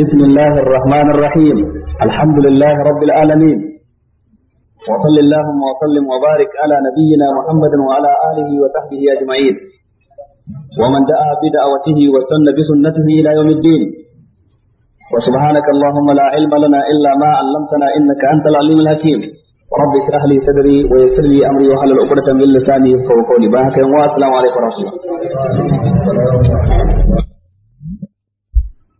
بسم الله الرحمن الرحيم الحمد لله رب العالمين وصل اللهم وسلم وبارك على نبينا محمد وعلى آله وصحبه أجمعين ومن دعا بدعوته وسن بسنته إلى يوم الدين وسبحانك اللهم لا علم لنا إلا ما علمتنا إنك أنت العليم الحكيم رب اشرح لي صدري ويسر لي امري واحلل عقدة من لساني يفقهوا قولي بارك الله عليكم ورحمه الله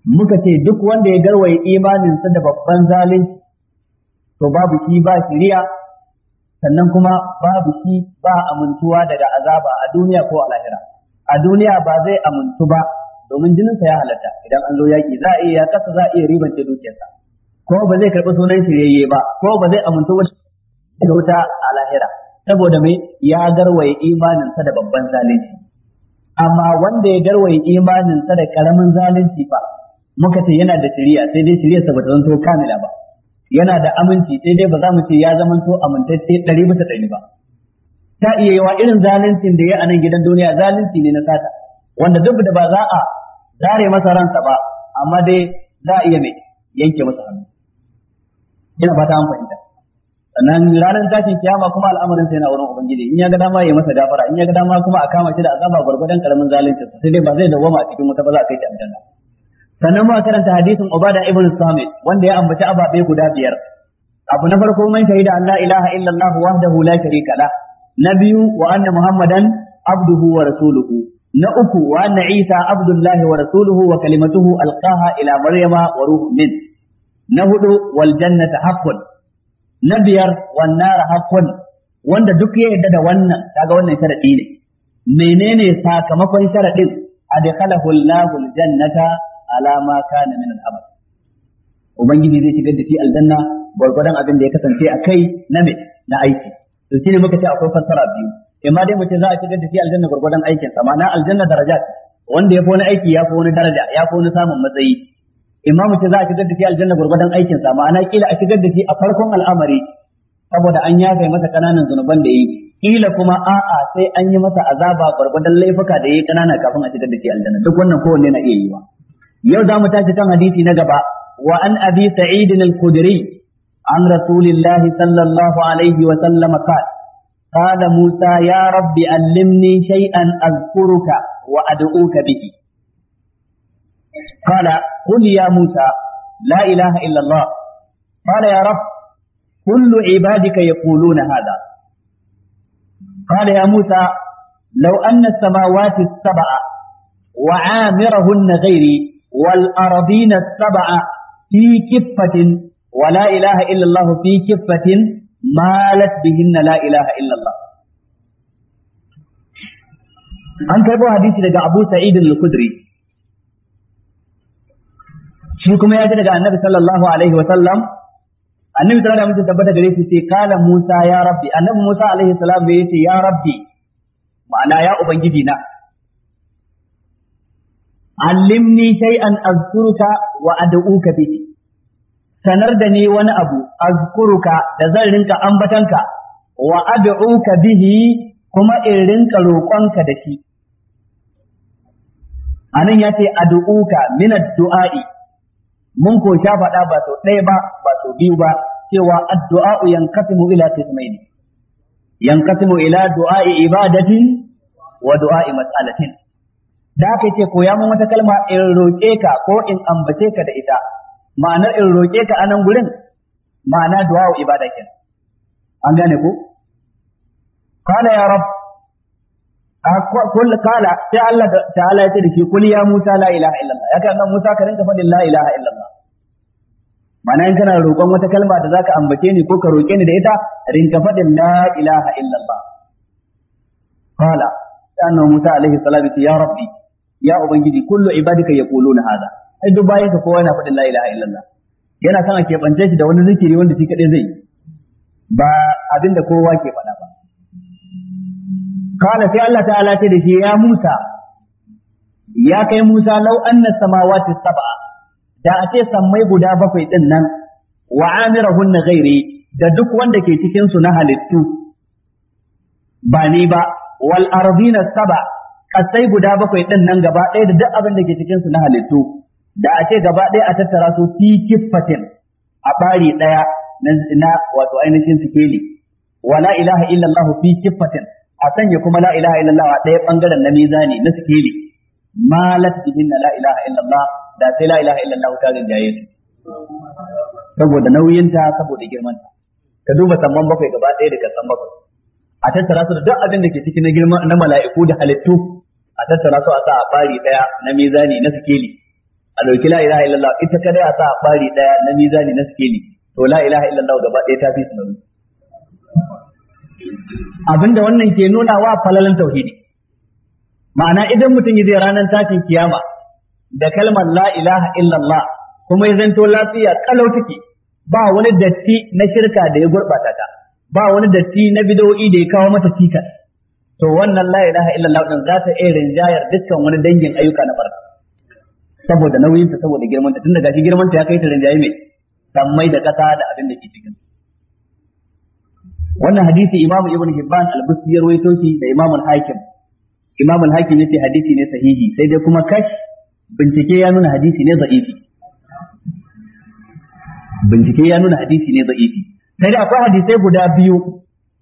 muka ce duk wanda ya garwaye imaninsa da babban zalunci to babu shi ba shiriya sannan kuma babu shi ba amintuwa daga azaba a duniya ko a lahira a duniya ba zai amintu ba domin jininsa ya halatta idan an zo yaki za a iya kasa za a iya ribance dukiyarsa ko ba zai karɓi sunan shiryayye ba ko ba zai amintu da wuta a lahira saboda mai ya garwaye imaninsa da babban zalunci amma wanda ya garwaye imaninsa da karamin zalunci ba muka ce yana da shari'a sai dai shari'arsa bata zanto kamila ba yana da aminci sai dai ba za mu ce ya zamanto amintacce ɗari bisa ɗari ba ta iya yawa irin zaluncin da ya a nan gidan duniya zalunci ne na sata wanda duk da ba za a zare masa ransa ba amma dai za a iya mai yanke masa hannu ina fata an fahimta sannan ranar tashin kiyama kuma al'amarin sai na wurin ubangiji in ya ga dama ya masa gafara in ya ga dama kuma a kama shi da azaba gwargwadon karamin zalunci sai dai ba zai dawwama a cikin wuta ba za a kai ta aljanna sannan muka karanta hadisin Ubada ibn Samit wanda ya ambaci ababe guda biyar abu na farko man shahida an la ilaha illallah wahdahu la sharika la na biyu wa anna muhammadan abduhu wa rasuluhu na uku wa anna isa abdullah wa rasuluhu wa kalimatuhu alqaha ila maryama wa ruhun min na hudu wal jannata haqqun na biyar wan nar haqqun wanda duk ya yarda da wannan kaga wannan sharadi ne menene sakamakon sharadin adkhalahu Allahu aljannata alama kana min al-amal ubangiji zai shigar da shi aljanna gwargwadon abin da ya kasance a kai na me na aiki to shine muka ce akwai fassara biyu imma dai mu ce za a shigar da shi aljanna gwargwadon aikin sa ma'ana aljanna daraja wanda ya fi wani aiki ya fi wani daraja ya fi wani samun matsayi imma mu ce za a shigar da shi aljanna gwargwadon aikin sa ma'ana kila a shigar da shi a farkon al'amari saboda an yafe masa kananan zunuban da yi kila kuma a'a sai an yi masa azaba gwargwadon laifuka da yi kanana kafin a shigar da shi aljanna duk wannan kowanne na iya wa يوزع za حديثي نجبا وأن أبي سعيد القدري عن رسول الله صلى الله عليه وسلم قال قال موسى يا رب علمني شيئا أذكرك وأدعوك به قال قل يا موسى لا إله إلا الله قال يا رب كل عبادك يقولون هذا قال يا موسى لو أن السماوات السبع وعامرهن غيري wal ardina sab'a fi kiffatin wa la ilaha fi kiffatin malat bihinna la ilaha an karbo hadisi daga Abu Sa'id al-Khudri shi kuma ya ji daga Annabi sallallahu Annabi sallallahu alaihi wa tabbata gare sai kala Musa ya Rabbi Annabi Musa alaihi ya ma'ana ya ubangiji na allimni shay'an azkuruka wa ad'uka bihi sanar da ni wani abu azkuruka da zan rinka ambatanka wa bihi kuma in rinka roƙonka da shi anan ya ce ad'uka min ad-du'a'i mun ko sha faɗa ba sau ɗaya ba ba sau biyu ba cewa addu'a'u yanqasimu ila qismaini yanqasimu ila du'a'i ibadatin wa du'a'i mas'alatin da ce yace koya mun wata kalma in roƙe ka ko in ambace ka da ita ma'anar in roƙe ka anan gurin ma'ana du'a ibada kenan an gane ko kana ya rab kul kala sai Allah ta'ala ya ce da shi kul ya Musa la ilaha illallah ya kan Musa ka rinka fadin la ilaha illallah ma'ana in kana roƙon wata kalma da zaka ambace ni ko ka roƙe ni da ita rinka fadin la ilaha illallah kala sai annabi Musa alaihi salatu ya rabbi ya ubangiji kullu ibadika yaquluna hada ai duk bayan ka kowa yana faɗin la ilaha illallah yana son a bance shi da wani zikiri wanda shi kadai zai yi ba abinda kowa ke faɗa ba kana sai Allah ta'ala ce da shi ya Musa ya kai Musa law anna samawati sab'a da a ce sammai guda bakwai din nan wa amirahunna ghairi da duk wanda ke cikin su na halittu ba ni ba wal ardina sab'a kasai guda bakwai din nan gaba ɗaya da duk abin da ke cikin su na halittu da a ce gaba ɗaya a tattara su fi kiffatin a ɓari ɗaya na wato ainihin sikeli wa la ilaha illallah fi kiffatin a sanya kuma la ilaha illallah a ɗaya bangaren na mizani na sikeli malat bihin la ilaha illallah da sai la ilaha illallah ta rinjaye su saboda nauyinta saboda girmanta ka duba samman bakwai gaba ɗaya da kasan bakwai a tattara su da duk abin da ke ciki na girma na mala'iku da halittu a tattara su a sa a fari daya na mizani na sikeli a dauki la ilaha illallah ita kada a sa a fari daya na mizani na sikeli to la ilaha illallah gaba ɗaya ta fi su nauyi abinda wannan ke nuna wa falalan tauhidi ma'ana idan mutum zai ranar tashin kiyama da kalmar la ilaha illallah kuma ya zanto lafiya kalau take ba wani datti na shirka da ya gurbata ta ba wani datti na bidowi da ya kawo mata cikas to wannan la ilaha illallah din za ta iya rinjayar dukkan wani dangin ayyuka na barka saboda nauyin ta saboda girman ta tunda gashi girman ta ya kai ta rinjaye mai sammai da kasa da abin da ke cikin wannan hadisi imamu ibn hibban al-busti ya rawaito shi da imamu al-hakim imamu al-hakim yace hadisi ne sahihi sai dai kuma kash bincike ya nuna hadisi ne da'ifi bincike ya nuna hadisi ne da'ifi sai dai akwai hadisai guda biyu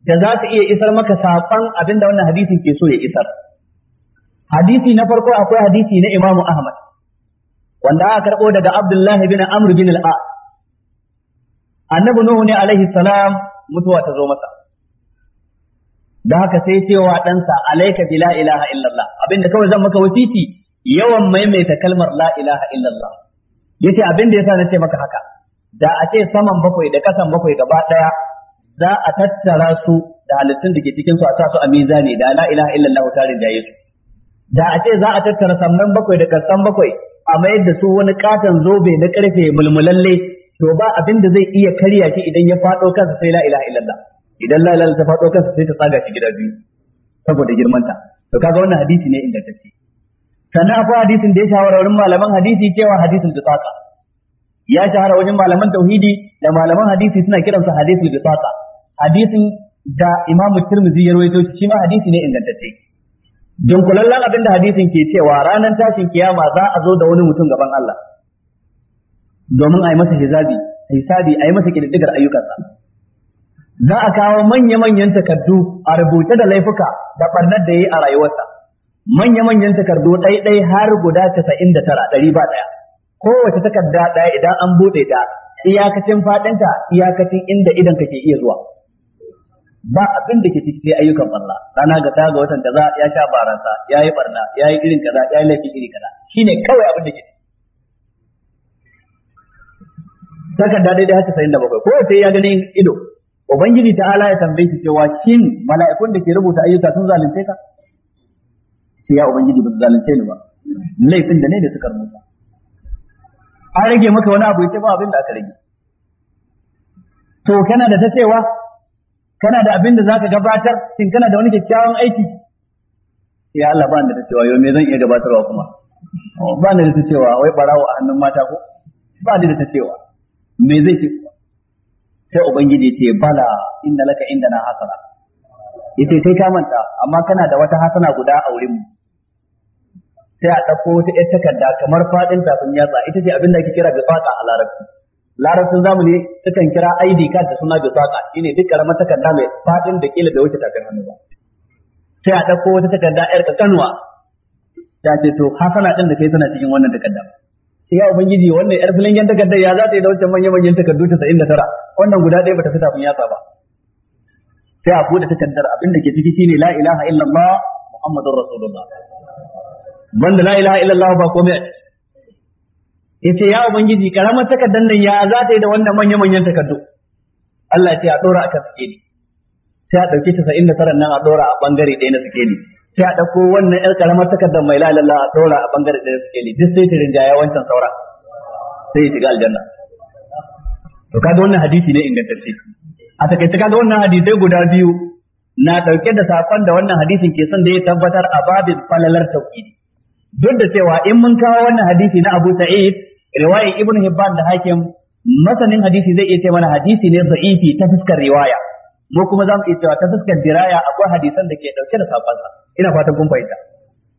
da za su iya isar maka saƙon abin da wannan hadisin ke so ya isar hadisi na farko akwai hadisi na Imam Ahmad wanda aka karɓo daga Abdullah bin Amr bin al annabi Nuhu ne alaihi salam mutuwa ta zo masa da haka sai cewa ɗansa alaika bi la ilaha illallah da kawai zan maka wasiti yawan maimaita kalmar la ilaha illallah yace abinda yasa ce maka haka da a ce saman bakwai da kasan bakwai gaba ɗaya. za a tattara su da halittun da ke cikin su a sa su a mizani da la ilaha illallah ta rinjaye su da a ce za a tattara sannan bakwai da kasan bakwai a mayar da su wani katon zobe na karfe mulmulalle to ba abin da zai iya karya shi idan ya fado kansa sai la ilaha illallah idan la ilaha ta fado kansa sai ta tsaga shi gida biyu saboda girmanta to kaga wannan hadisi ne ce sannan akwai hadisin da ya shawara wurin malaman hadisi cewa hadisin da tsaka ya shahara wajen malaman tauhidi da malaman hadisi suna kiransa hadisul bisaqa hadisin da imamu tirmidhi ya rawaito shi ma hadisi ne ingantacce kulallan abinda hadisin ke cewa ranar tashin kiyama za a zo da wani mutum gaban Allah domin a yi masa hizabi, hisabi a yi masa kididdigar ayyukansa za a kawo manya-manyan takardu a rubuce da laifuka da barnar da yi a rayuwarsa manya-manyan takardu ɗai-ɗai har guda casa'in da ɗari ba ɗaya kowace takarda ɗaya idan an buɗe ta iyakacin faɗinta iyakacin inda idan ka ke iya zuwa ba abin da ke cikin ayyukan Allah rana ga ta ga watan kaza ya sha baransa, ya yi barna ya yi irin kaza ya yi laifin iri kaza shine kawai abin da ke takarda da haka sayin da bakwai ko sai ya gani ido ubangiji ta ala ya tambaye shi cewa shin mala'ikun da ke rubuta ayyuka sun zalunce ka sai ya ubangiji ba su zalunce ni ba laifin da ne da suka rubuta an rage maka wani abu yace ba abin da aka rage to kana da ta cewa kana da abin da zaka gabatar shin kana da wani kyakkyawan aiki ya Allah ba da ta cewa yau me zan iya gabatarwa kuma ba ni da ta cewa wai barawo a hannun mata ko ba ni da ta cewa me zai ce sai ubangiji ce bala inna laka indana hasana yace kai ka manta amma kana da wata hasana guda a wurin mu sai a ɗauko wata ƴar takarda kamar faɗin tafin yatsa ita ce abin da ake kira bisaqa a larabci larabcin zamani sukan kira ID card da suna bisaqa shine duk karamar takarda mai faɗin da kila da wuce tafin hannu ba sai a ɗauko wata takarda ƴar kakanwa ta ce to hasana ɗin da kai tana cikin wannan takarda sai ya ubangiji wannan ƴar filingen takardar ya za ta yi da wancan manyan manyan takardu casa'in da tara wannan guda ɗaya bata fi tafin yatsa ba sai a buɗe takardar abin da ke ciki shine la ilaha illallah muhammadur rasulullah banda la ilaha illallah ba komai yace ya ubangiji karamar takaddan nan ya za ta yi da wannan manya manyan takaddu Allah ya ce a dora akan suke ni sai a dauke ta sa'in da saran nan a dora a bangare ɗaya na suke ni sai a dauko wannan yar karamar takaddan mai la ilaha illallah a dora a bangare ɗaya na suke ni duk sai ta rinjaya wancan saura sai ya shiga aljanna to kaga wannan hadisi ne ingantacce a takaice kaga wannan hadisai guda biyu na dauke da safan da wannan hadisin ke son da ya tabbatar a babin falalar tauhidi duk da cewa in mun kawo wannan hadisi na Abu Sa'id riwaya Ibn Hibban da Hakim masanin hadisi zai iya ce mana hadisi ne da'ifi ta fuskar riwaya mu kuma za iya cewa ta fuskar diraya akwai hadisan da ke dauke da sabansa ina fatan kun fahimta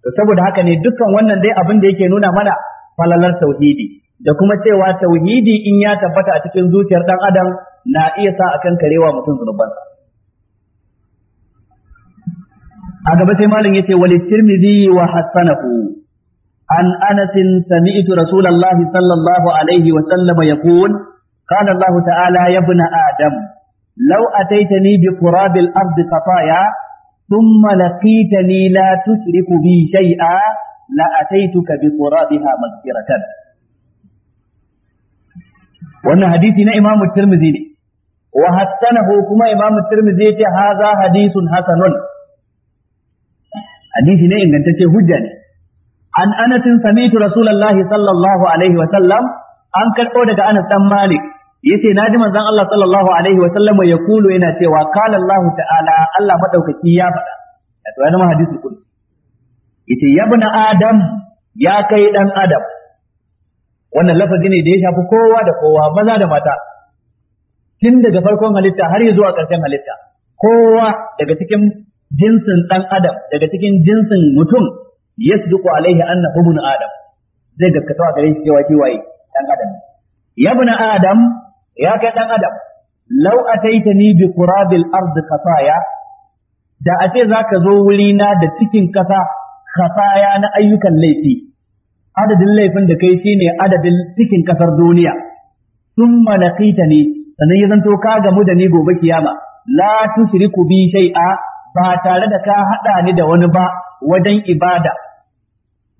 to saboda haka ne dukkan wannan dai abin da yake nuna mana falalar tauhidi da kuma cewa tauhidi in ya tabbata a cikin zuciyar dan adam na iya sa akan karewa mutum zunubansa a gaba sai malam yace wal tirmidhi wa hasanahu عن أنس سمعت رسول الله صلى الله عليه وسلم يقول قال الله تعالى يا ابن آدم لو أتيتني بقراب الأرض خطايا ثم لقيتني لا تشرك بي شيئا لأتيتك بقرابها مغفرة وأن حديثنا إمام الترمذي وحسنه كما إمام الترمذي هذا حديث حسن حديثنا إن أنت هجني an anas sami'tu rasulullahi sallallahu alaihi wa sallam an karɓo daga anas dan malik yace ji manzon Allah sallallahu alaihi wa sallam ya kulu yana cewa qala Allah ta'ala Allah madaukaki ya faɗa da tsayin hadisi kun yace yabna adam ya kai dan adam wannan lafazi ne da ya shafi kowa da kowa maza da mata tun daga farkon halitta har zuwa ƙarshen halitta kowa daga cikin jinsin ɗan adam daga cikin jinsin mutum yasduqu Alayhi annahu ibn adam zai gaskata gare shi cewa shi waye dan adam ya ibn adam ya kai dan adam law ataitani bi qurabil ardi khataya da ace zaka zo wuri na da cikin kasa khataya na ayyukan laifi adadin laifin da kai shine adadin cikin kasar duniya thumma laqitani sanan ya toka ka gamu da ni gobe kiyama la tushriku bi shay'a ba tare da ka haɗa ni da wani ba wajen ibada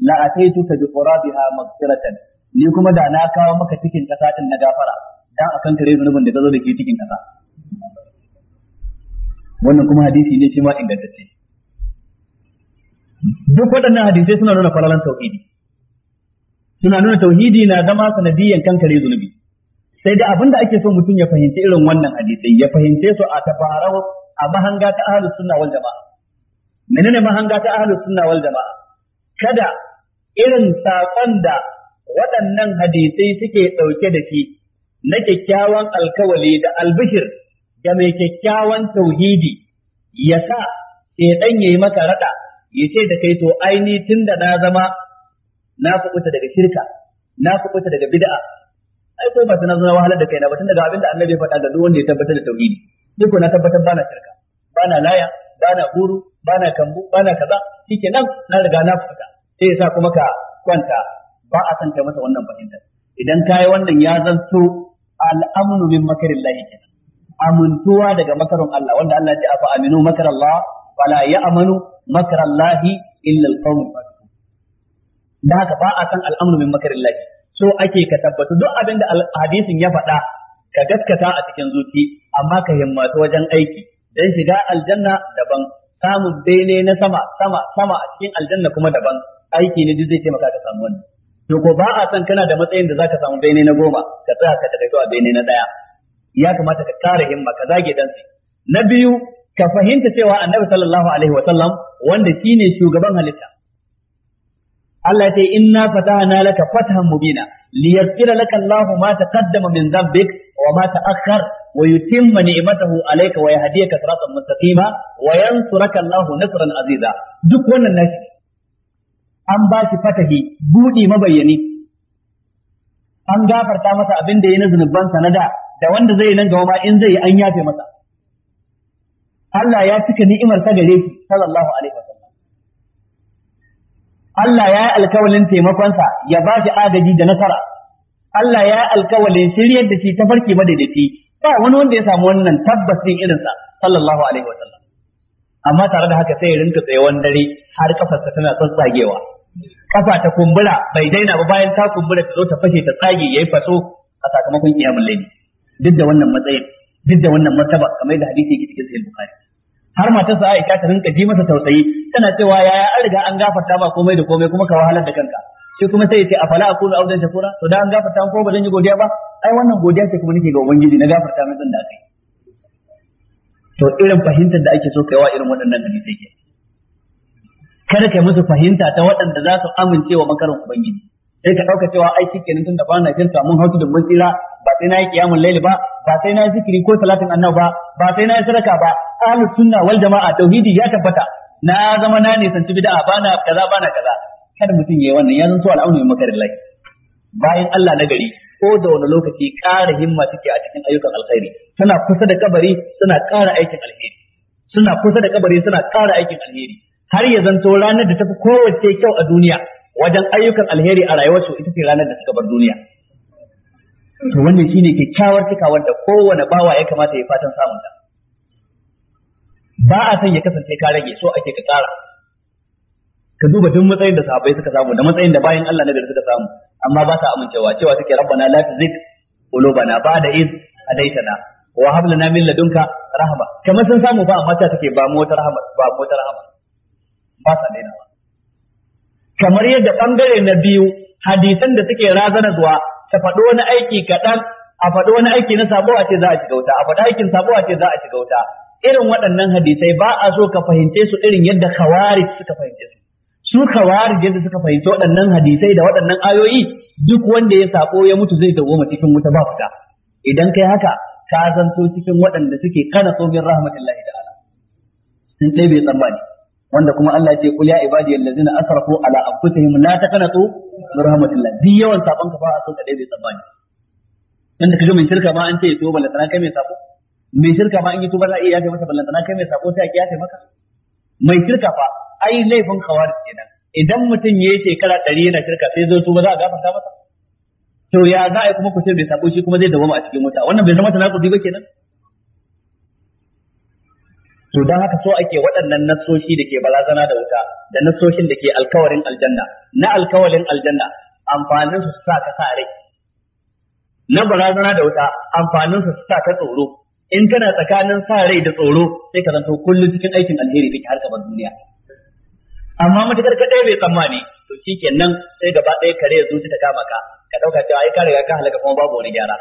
la ka bi qurabiha maghfiratan ni kuma da na kawo maka cikin kasa din na gafara dan akan kare zunubin da ka zo da ke cikin kasa wannan kuma hadisi ne shi ma ingantacce duk waɗannan hadisai suna nuna falalan tauhidi suna nuna tauhidi na zama sanadiyan kankare zunubi sai da abin da ake so mutum ya fahimci irin wannan hadisai ya fahimce su a tabarau a mahanga ta ahlus sunna wal jama'a menene mahanga ta ahlus sunna wal jama'a kada irin sakon da waɗannan hadisai suke ɗauke da shi na kyakkyawan alkawali da albishir da mai kyakkyawan tauhidi ya sa ɗan ya yi maka raɗa ya ce da kai to aini tun da na zama na kuɓuta daga shirka na kuɓuta daga bid'a ai ko ba ta na zo na wahalar da kaina ba tun daga abin da annabi faɗa ga duk wanda ya tabbatar da tauhidi ni na tabbatar bana shirka bana laya bana guru bana kambu bana kaza shikenan na riga na fita sai yasa kuma ka kwanta ba a san kai masa wannan fahimtar idan kai wannan ya zanto al'amnu min makarillahi kenan amintuwa daga makarin Allah wanda Allah ya fa aminu makarallah fala ya'manu makarallahi illa alqawmul fasiqun da haka ba a san al'amnu min makarillahi so ake ka tabbata duk abinda hadisin ya faɗa ka gaskata a cikin zuci amma ka himmatu wajen aiki dan shiga aljanna daban samun bene na sama sama sama a cikin aljanna kuma daban aiki ne duk zai taimaka ka samu wannan to ko ba a san kana da matsayin da zaka samu bene na goma ka tsaya ka takaito zuwa bene na daya ya kamata ka kare himma ka zage dan na biyu ka fahimta cewa annabi sallallahu alaihi wa sallam wanda shine shugaban halitta Allah ya ce inna fatahna laka fathan mubina liyaghfira laka Allah ma taqaddama min dhanbik وما تأخر ويتم نعمته عليك ويهديك صراطا مستقيما وينصرك الله نصرا عزيزا duk wannan nashi an ba shi fatahi budi mabayyani an gafarta masa abin da ya na zunubansa na da da wanda zai nan gaba ma in zai an yafe masa Allah ya cika ni'imar ta shi sallallahu alaihi wasallam Allah ya yi alkawalin taimakonsa ya ba shi agaji da nasara Allah ya alkawalin shiryar da shi ta farki madaidaiti ba wani wanda ya samu wannan tabbas din irinsa sallallahu alaihi wa sallam amma tare da haka sai ya rinka wani dare har kafarsa tana tsagewa. kafa ta kumbura bai daina ba bayan ta kumbura ta zo ta fashe ta tsage yayi faso a sakamakon kiyamul layli duk da wannan matsayin duk da wannan martaba kamar da hadisi yake cikin sahih bukhari har matarsa Aisha ta rinka ji masa tausayi tana cewa yaya an riga an gafarta ba komai da komai kuma ka wahalar da kanka shi kuma sai ya ce afala akunu abdan shakura to da an gafarta ko ba zan yi godiya ba ai wannan godiya ce kuma nake ga ubangiji na gafarta mai da yi. to irin fahimtar da ake so kai wa irin waɗannan nake ke kada kai musu fahimta ta waɗanda za su amince wa makarin ubangiji sai ka ɗauka cewa ai shikenan tun da ba na shirka mun hautu da mun tsira ba sai na yi kiyamul laili ba ba sai na yi zikiri ko salatin annabi ba ba sai na yi sadaka ba ahlus sunna wal jama'a tauhidi ya tabbata na zama na nisanci bid'a na kaza bana kaza kada mutum yayi wannan ya zanto mai makarin lai bayan Allah na gari ko da wani lokaci ƙara himma take a cikin ayyukan alkhairi suna kusa da kabari suna ƙara aikin alheri suna kusa da kabari suna ƙara aikin alheri har ya zanto ranar da tafi kowace kyau a duniya wajen ayyukan alheri a rayuwarsu ita ce ranar da suka bar duniya to wannan shine kyakkyawar cika wanda kowane bawa ya kamata ya fatan samun ba a san ya kasance ka rage so ake ka ƙara ka duba duk matsayin da sahabbai suka samu da matsayin da bayan Allah na gari suka samu amma ba ta amincewa cewa take rabbana la tuzigh qulubana ba'da id na. wa hab lana min ladunka rahma kamar sun samu ba amma ta take ba mu wata rahama ba mu wata rahama ba sa ba kamar yadda bangare na biyu hadisan da suke razana zuwa ta faɗo wani aiki kaɗan a faɗo wani aiki na sabo a ce za a shiga wuta a faɗo aikin sabo a ce za a shiga wuta irin waɗannan hadisai ba a so ka fahimce su irin yadda khawarij suka fahimce su su khawarij da suka fahimci waɗannan hadisai da waɗannan ayoyi duk wanda ya sako ya mutu zai dawoma cikin wuta ba fita idan kai haka ka zanto cikin waɗanda suke kana tsobin rahmatullahi ta'ala sun dai bai tsammani wanda kuma Allah ya ce kul ya ibadiyal ladzina asrafu ala anfusihim la taqnatu min rahmatillah bi yawan sabon ka ba a so ka dai bai tsammani da kaje mai shirka ma an ce to balantana kai mai sako mai shirka ma an yi ba za a iya yafe masa balantana kai mai sako sai a kiyaye maka mai shirka fa ai laifin kawari kenan idan mutum yayi shekara ɗari yana shirka sai zo tuba za a gafarta masa to ya za a yi kuma ku bai sako shi kuma zai dawoma a cikin wuta wannan bai zama tanakudi ba kenan to dan haka so ake waɗannan nassoshi da ke barazana da wuta da nassoshin da ke alkawarin aljanna na alkawarin aljanna amfanin su sa ka sa rai na barazana da wuta amfanin su sa ka tsoro in kana tsakanin sa rai da tsoro sai ka zanto kullum cikin aikin alheri kake har gaban duniya amma matakar ka ɗaya bai tsammani to shikenan sai gaba ɗaya kare ya zuci ta kama ka ka ɗauka cewa ai ka riga ka halaka kuma babu wani gyara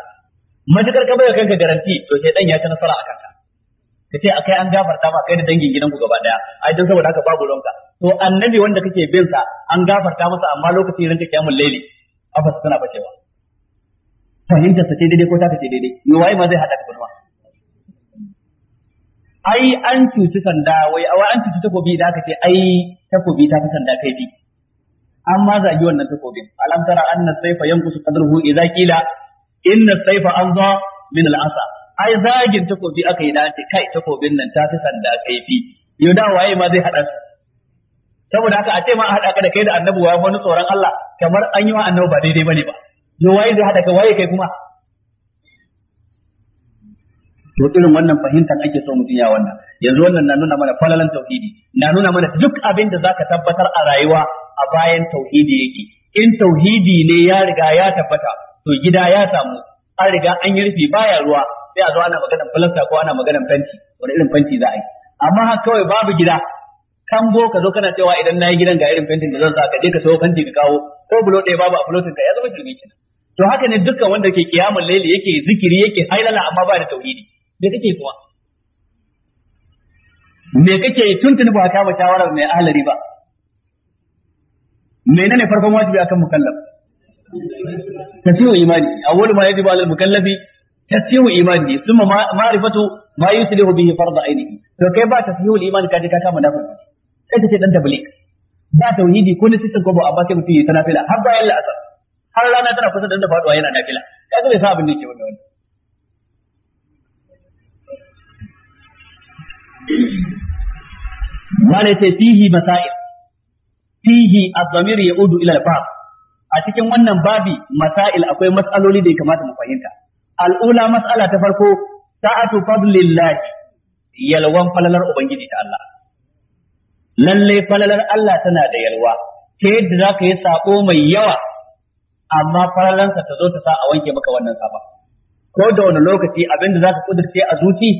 matakar ka baiwa kanka garanti to sai dan ya ta nasara a kanka ka ce akai an gafarta ma kai da dangin gidanku gaba daya ai dan saboda haka babu ronka to annabi wanda kake bin sa an gafarta masa amma lokacin ranka kiyamul laili afa tana bacewa fahimtar sa ce daidai ko ta ce daidai me wa'i ma zai hada ka ai an cuci sanda wai awa an cuci takobi da aka ce ai takobi ta fi sanda kai bi amma zagi wannan takobin alam tara anna sayfa yanqusu qadruhu idza qila inna sayfa anza min al-asa ai zagin takobi aka yi da ce kai takobin nan ta fi sanda kai bi yau da waye ma zai hada su saboda haka a ce ma a hada ka da kai da annabi wa wani tsoron Allah kamar an yi wa annabi ba daidai bane ba yo waye zai hada ka waye kai kuma to irin wannan fahimtar ake so mutum ya wannan yanzu wannan na nuna mana falalan tauhidi na nuna mana duk abin da zaka tabbatar a rayuwa a bayan tauhidi yake in tauhidi ne ya riga ya tabbata to gida ya samu an riga an yi rufi baya ruwa sai a zo ana maganar falasta ko ana maganar fanti wani irin fanti za a yi amma haka kawai babu gida kango ka zo kana cewa idan na yi gidan ga irin fentin da zan sa ka je ka sayo fenti ka kawo ko bulo ɗaya babu a bulotin ka ya zama shirme kenan to haka ne dukkan wanda ke kiyamul laili yake zikiri yake hailala amma ba da tauhidi me kake kuwa me kake tuntuni ba ka ba shawarar mai ahlari ba menene farkon wajibi akan mukallaf tasiyu imani awwal ma yajibu alal mukallafi tasiyu imani thumma ma'rifatu ma yuslihu bihi fardu aini to kai ba tasiyu imani kaje ka kama nafi kai take dan tabligh ba tauhidi ko sai ko ba abba ba sai mutum yi ta nafila har bayan la'asar har rana tana kusa da faduwa yana nafila kaga bai sa abin da yake wannan malai sai fihi masail fihi azamir ya'udu ila al a cikin wannan babi masail akwai mas'aloli da ya kamata mu fahimta Al'ula mas'ala ta farko sa'atu fadlillah yalwan falalar ubangiji ta Allah lalle falalar Allah tana da yalwa ta yadda za ka yi sako mai yawa amma falalansa ta zo ta sa a wanke maka wannan sabon. ko da wani lokaci abinda za ka a zuci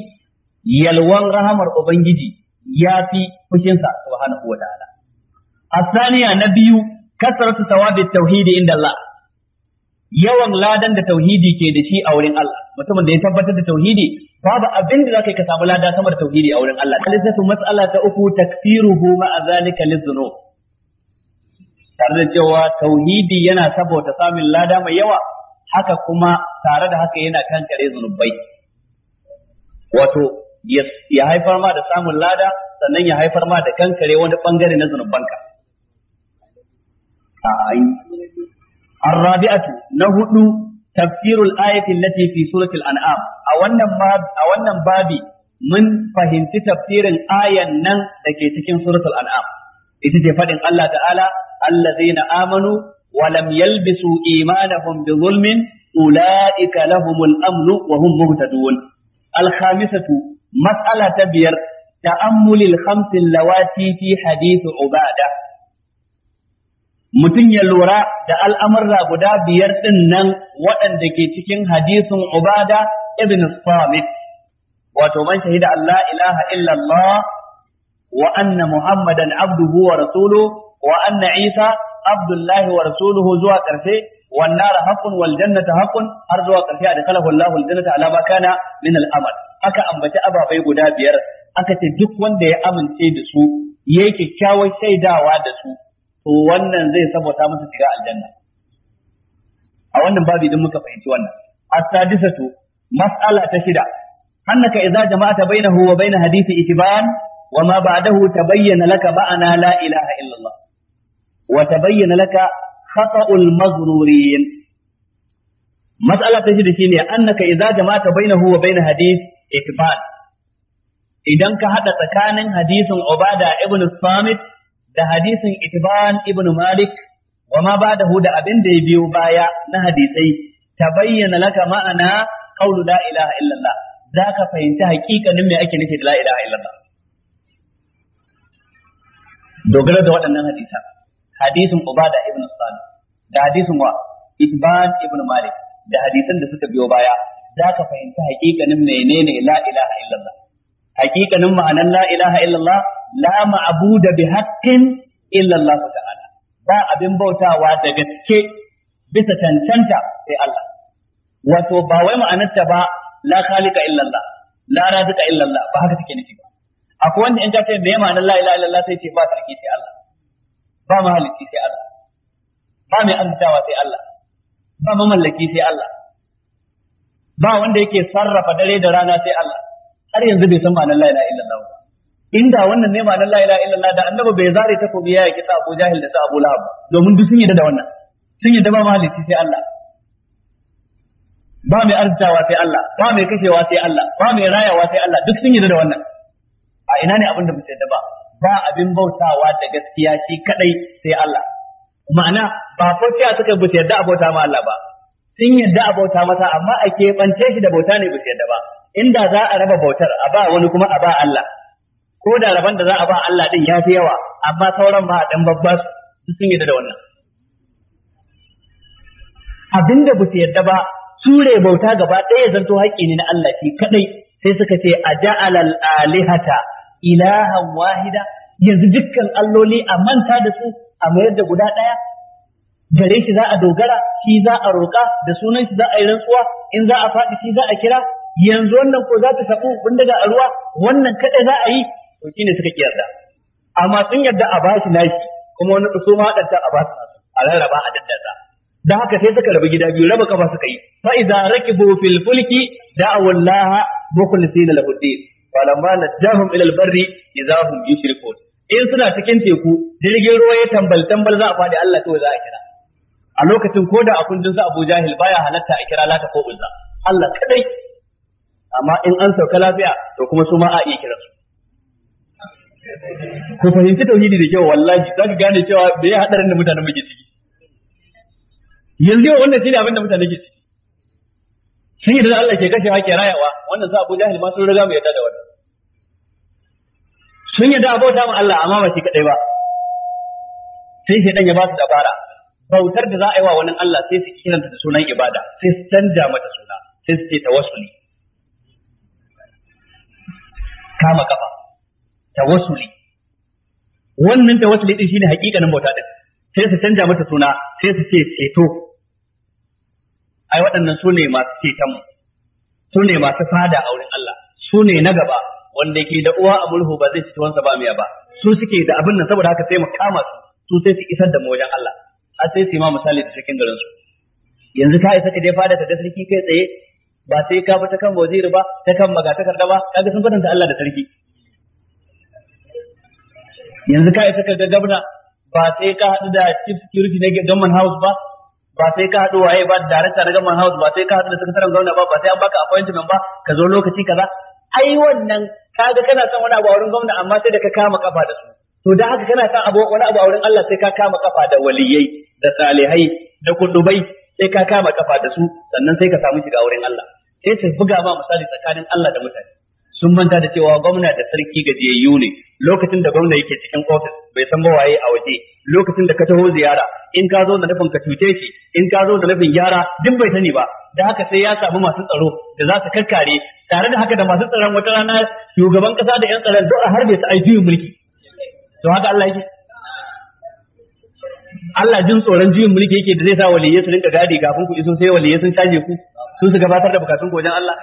yalwan rahamar ubangiji ya fi fushinsa subhanahu wa ta'ala asaniya na biyu kasratu thawabi tauhidi inda Allah yawan ladan da tauhidi ke da shi a wurin Allah mutumin da ya tabbatar da tauhidi babu abin da zaka ka samu lada sama da tauhidi a wurin Allah kalisa su mas'ala ta uku takfiruhu ma azalika lizunub tare da cewa tauhidi yana saboda samun lada mai yawa haka kuma tare da haka yana kankare zunubai wato ya haifar ma da samun lada sannan ya haifar ma da kankare wani bangare na zunubanka. الرابعه نهدو تفسير الايه التي في سوره الانعام a wannan babi mun fahimci tafsirin ayan nan da ke cikin suratul an'am ita ce faɗin Allah ta'ala allazina amanu wa lam yalbisu imanahum bi zulmin ulaika lahumul amnu wa hum muhtadun Alkhamisatu. matsala ta biyar ta'ammulil khamsin lawati fi hadith ubada mutum ya lura da al'amurra guda biyar ɗin nan waɗanda ke cikin hadisin ubada ibn samit wato man shahida Allah ilaha illallah wa anna muhammadan abduhu wa rasuluhu wa anna isa abdullahi wa rasuluhu zuwa ƙarshe wan nar haqqun wal jannatu har zuwa karshe a dakalahu Allahu al jannata ala ma kana min al aka ambaci ababai guda biyar aka ce duk wanda ya amince da su yayi kyakkyawar shaidawa da su to wannan zai sabota masa shiga aljanna a wannan babu idan muka fahimci wannan as-sadisatu mas'ala ta shida annaka idza jama'ata bainahu wa bain hadithi ittiban wa ma ba'dahu tabayyana laka ba'ana la ilaha illa Allah wa tabayyana laka khata'ul mazrurin mas'ala ta shi da shine annaka idza jama'ta bainahu wa bain hadith itbal idan ka hada tsakanin hadisin Ubada ibn Samit da hadisin Itban ibn Malik wa ma ba'dahu da abin da ya biyo baya na hadisai tabayyana laka ma'ana qawlu la ilaha illallah zaka fahimci hakikanin me ake nufi la ilaha illallah dogara da waɗannan hadisa hadisin ubada ibn sami da hadisin wa ibad ibn malik da hadisan da suka biyo baya za ka fahimci hakikanin menene la ilaha illallah hakikanin ma'anan la ilaha illallah la ma'budu bi haqqin illallah ta'ala ba abin bautawa da gaske bisa cancanta sai Allah wato ba wai ma'anarta ba la khaliqa illallah la raziqa illallah ba haka take nufi ba akwai wanda in ta ce me ma'anan la ilaha illallah sai ce ba sarki sai Allah ba mahalicci sai Allah ba mai arzikawa sai Allah ba mamallaki sai Allah ba wanda yake sarrafa dare da rana sai Allah har yanzu bai san ma'anar la ilaha illallah ba inda wannan ne ma'anar la ilaha illallah da annabi bai zare ta kobi ya yake sa Abu Jahil da sa Abu Lahab domin duk sun yi da wannan sun da ba mahalicci sai Allah ba mai arzawa sai Allah ba mai kashewa sai Allah ba mai rayawa sai Allah duk sun yi da wannan a ina ne abin da mutum da ba ba abin bautawa da gaskiya shi kadai sai Allah ma'ana ba a suka bi yadda abota ma Allah ba sun yadda abota masa amma a keɓance shi da bauta ne bi yadda ba inda za a raba bautar a ba wani kuma a ba Allah ko da rabon da za a ba Allah din ya fi yawa amma sauran ba a dan babba su sun yadda da wannan abinda ba yadda ba sure bauta gaba ɗaya zanto haƙƙi ne na Allah shi kadai sai suka ce a ja'alal alihata ilahan wahida yanzu dukkan alloli a manta da su a mayar da guda ɗaya gare shi za a dogara shi za a roƙa da sunan shi za a yi rantsuwa in za a faɗi shi za a kira yanzu wannan ko za ta tabu bin daga a ruwa wannan kada za a yi to shine suka yarda amma sun yarda a bashi nashi kuma wani kaso ma hadanta a basu nasu a rarraba a daddasa da haka sai suka rabu gida biyu raba kafa suka yi fa idza rakibu fil fulki da'u allaha mukhlisina lahu falamma najahum ila albarri idahum yushrikun in suna cikin teku jirgin ruwa ya tambal tambal za a fadi Allah kawai za a kira a lokacin ko da a kundin sa Abu Jahil baya halatta a kira lata ko uzza Allah kadai amma in an sauka lafiya to kuma su ma a iya kira su ku fahimci tauhidi da kyau wallahi za ka gane cewa me ya hadarin da mutanen muke ciki yanzu wannan shine abin da mutane ke ciki sun yarda da Allah ke kashe ke rayawa wannan sa Abu Jahil ma sun riga mu yarda da wannan sun yarda abota ma Allah amma ba shi kadai ba sai dan ya ba su dabara bautar da za a yi wa wani Allah sai su kiranta da sunan ibada sai su canja mata suna sai su ce tawassuli kama kafa tawassuli wannan tawassuli din shine hakikanin bauta din sai su canja mata suna sai su ce ceto ai waɗannan su ne masu cetonmu su ne masu fada a wurin Allah su ne na gaba wanda ke da uwa a mulhu ba zai ci tuwansa ba miya ba su suke da abin nan saboda haka sai mu kama su su sai su isar da mu wajen Allah a sai su ma misali da cikin garin su yanzu ka isa ka je fada ta da sarki kai tsaye ba sai ka bi ta kan waziri ba ta kan magatakarda ba kaga sun kwatanta Allah da sarki yanzu ka isa ka ga gabna ba sai ka haɗu da chief security na government house ba ba sai ka haɗu waye ba darakta na gaman house ba sai ka haɗu da sakataren gwamna ba ba sai an baka appointment ba ka zo lokaci kaza ai wannan kaga kana son wani abu a wurin gwamna amma sai da ka kama kafa da su to da haka kana son abu wani abu a wurin Allah sai ka kama kafa da waliyyai, da salihai da kudubai sai ka kama kafa da su sannan sai ka samu shiga wurin Allah sai ka buga ma misali tsakanin Allah da mutane sun manta da cewa gwamna da sarki gajiyayyu ne lokacin da gwamna yake cikin ofis bai san ba a waje lokacin da ka taho ziyara in ka zo da nufin ka cuce shi in ka zo da nufin gyara duk bai sani ba da haka sai ya samu masu tsaro da za su karkare. tare da haka da masu tsaron wata rana shugaban kasa da yan tsaron duk a harbe su ajiyin mulki to haka Allah yake Allah jin tsoron juyin mulki yake da zai sa waliyyai su rinka gadi kafin ku iso sai waliyyai sun caje ku sun su gabatar da bukatun ku wajen Allah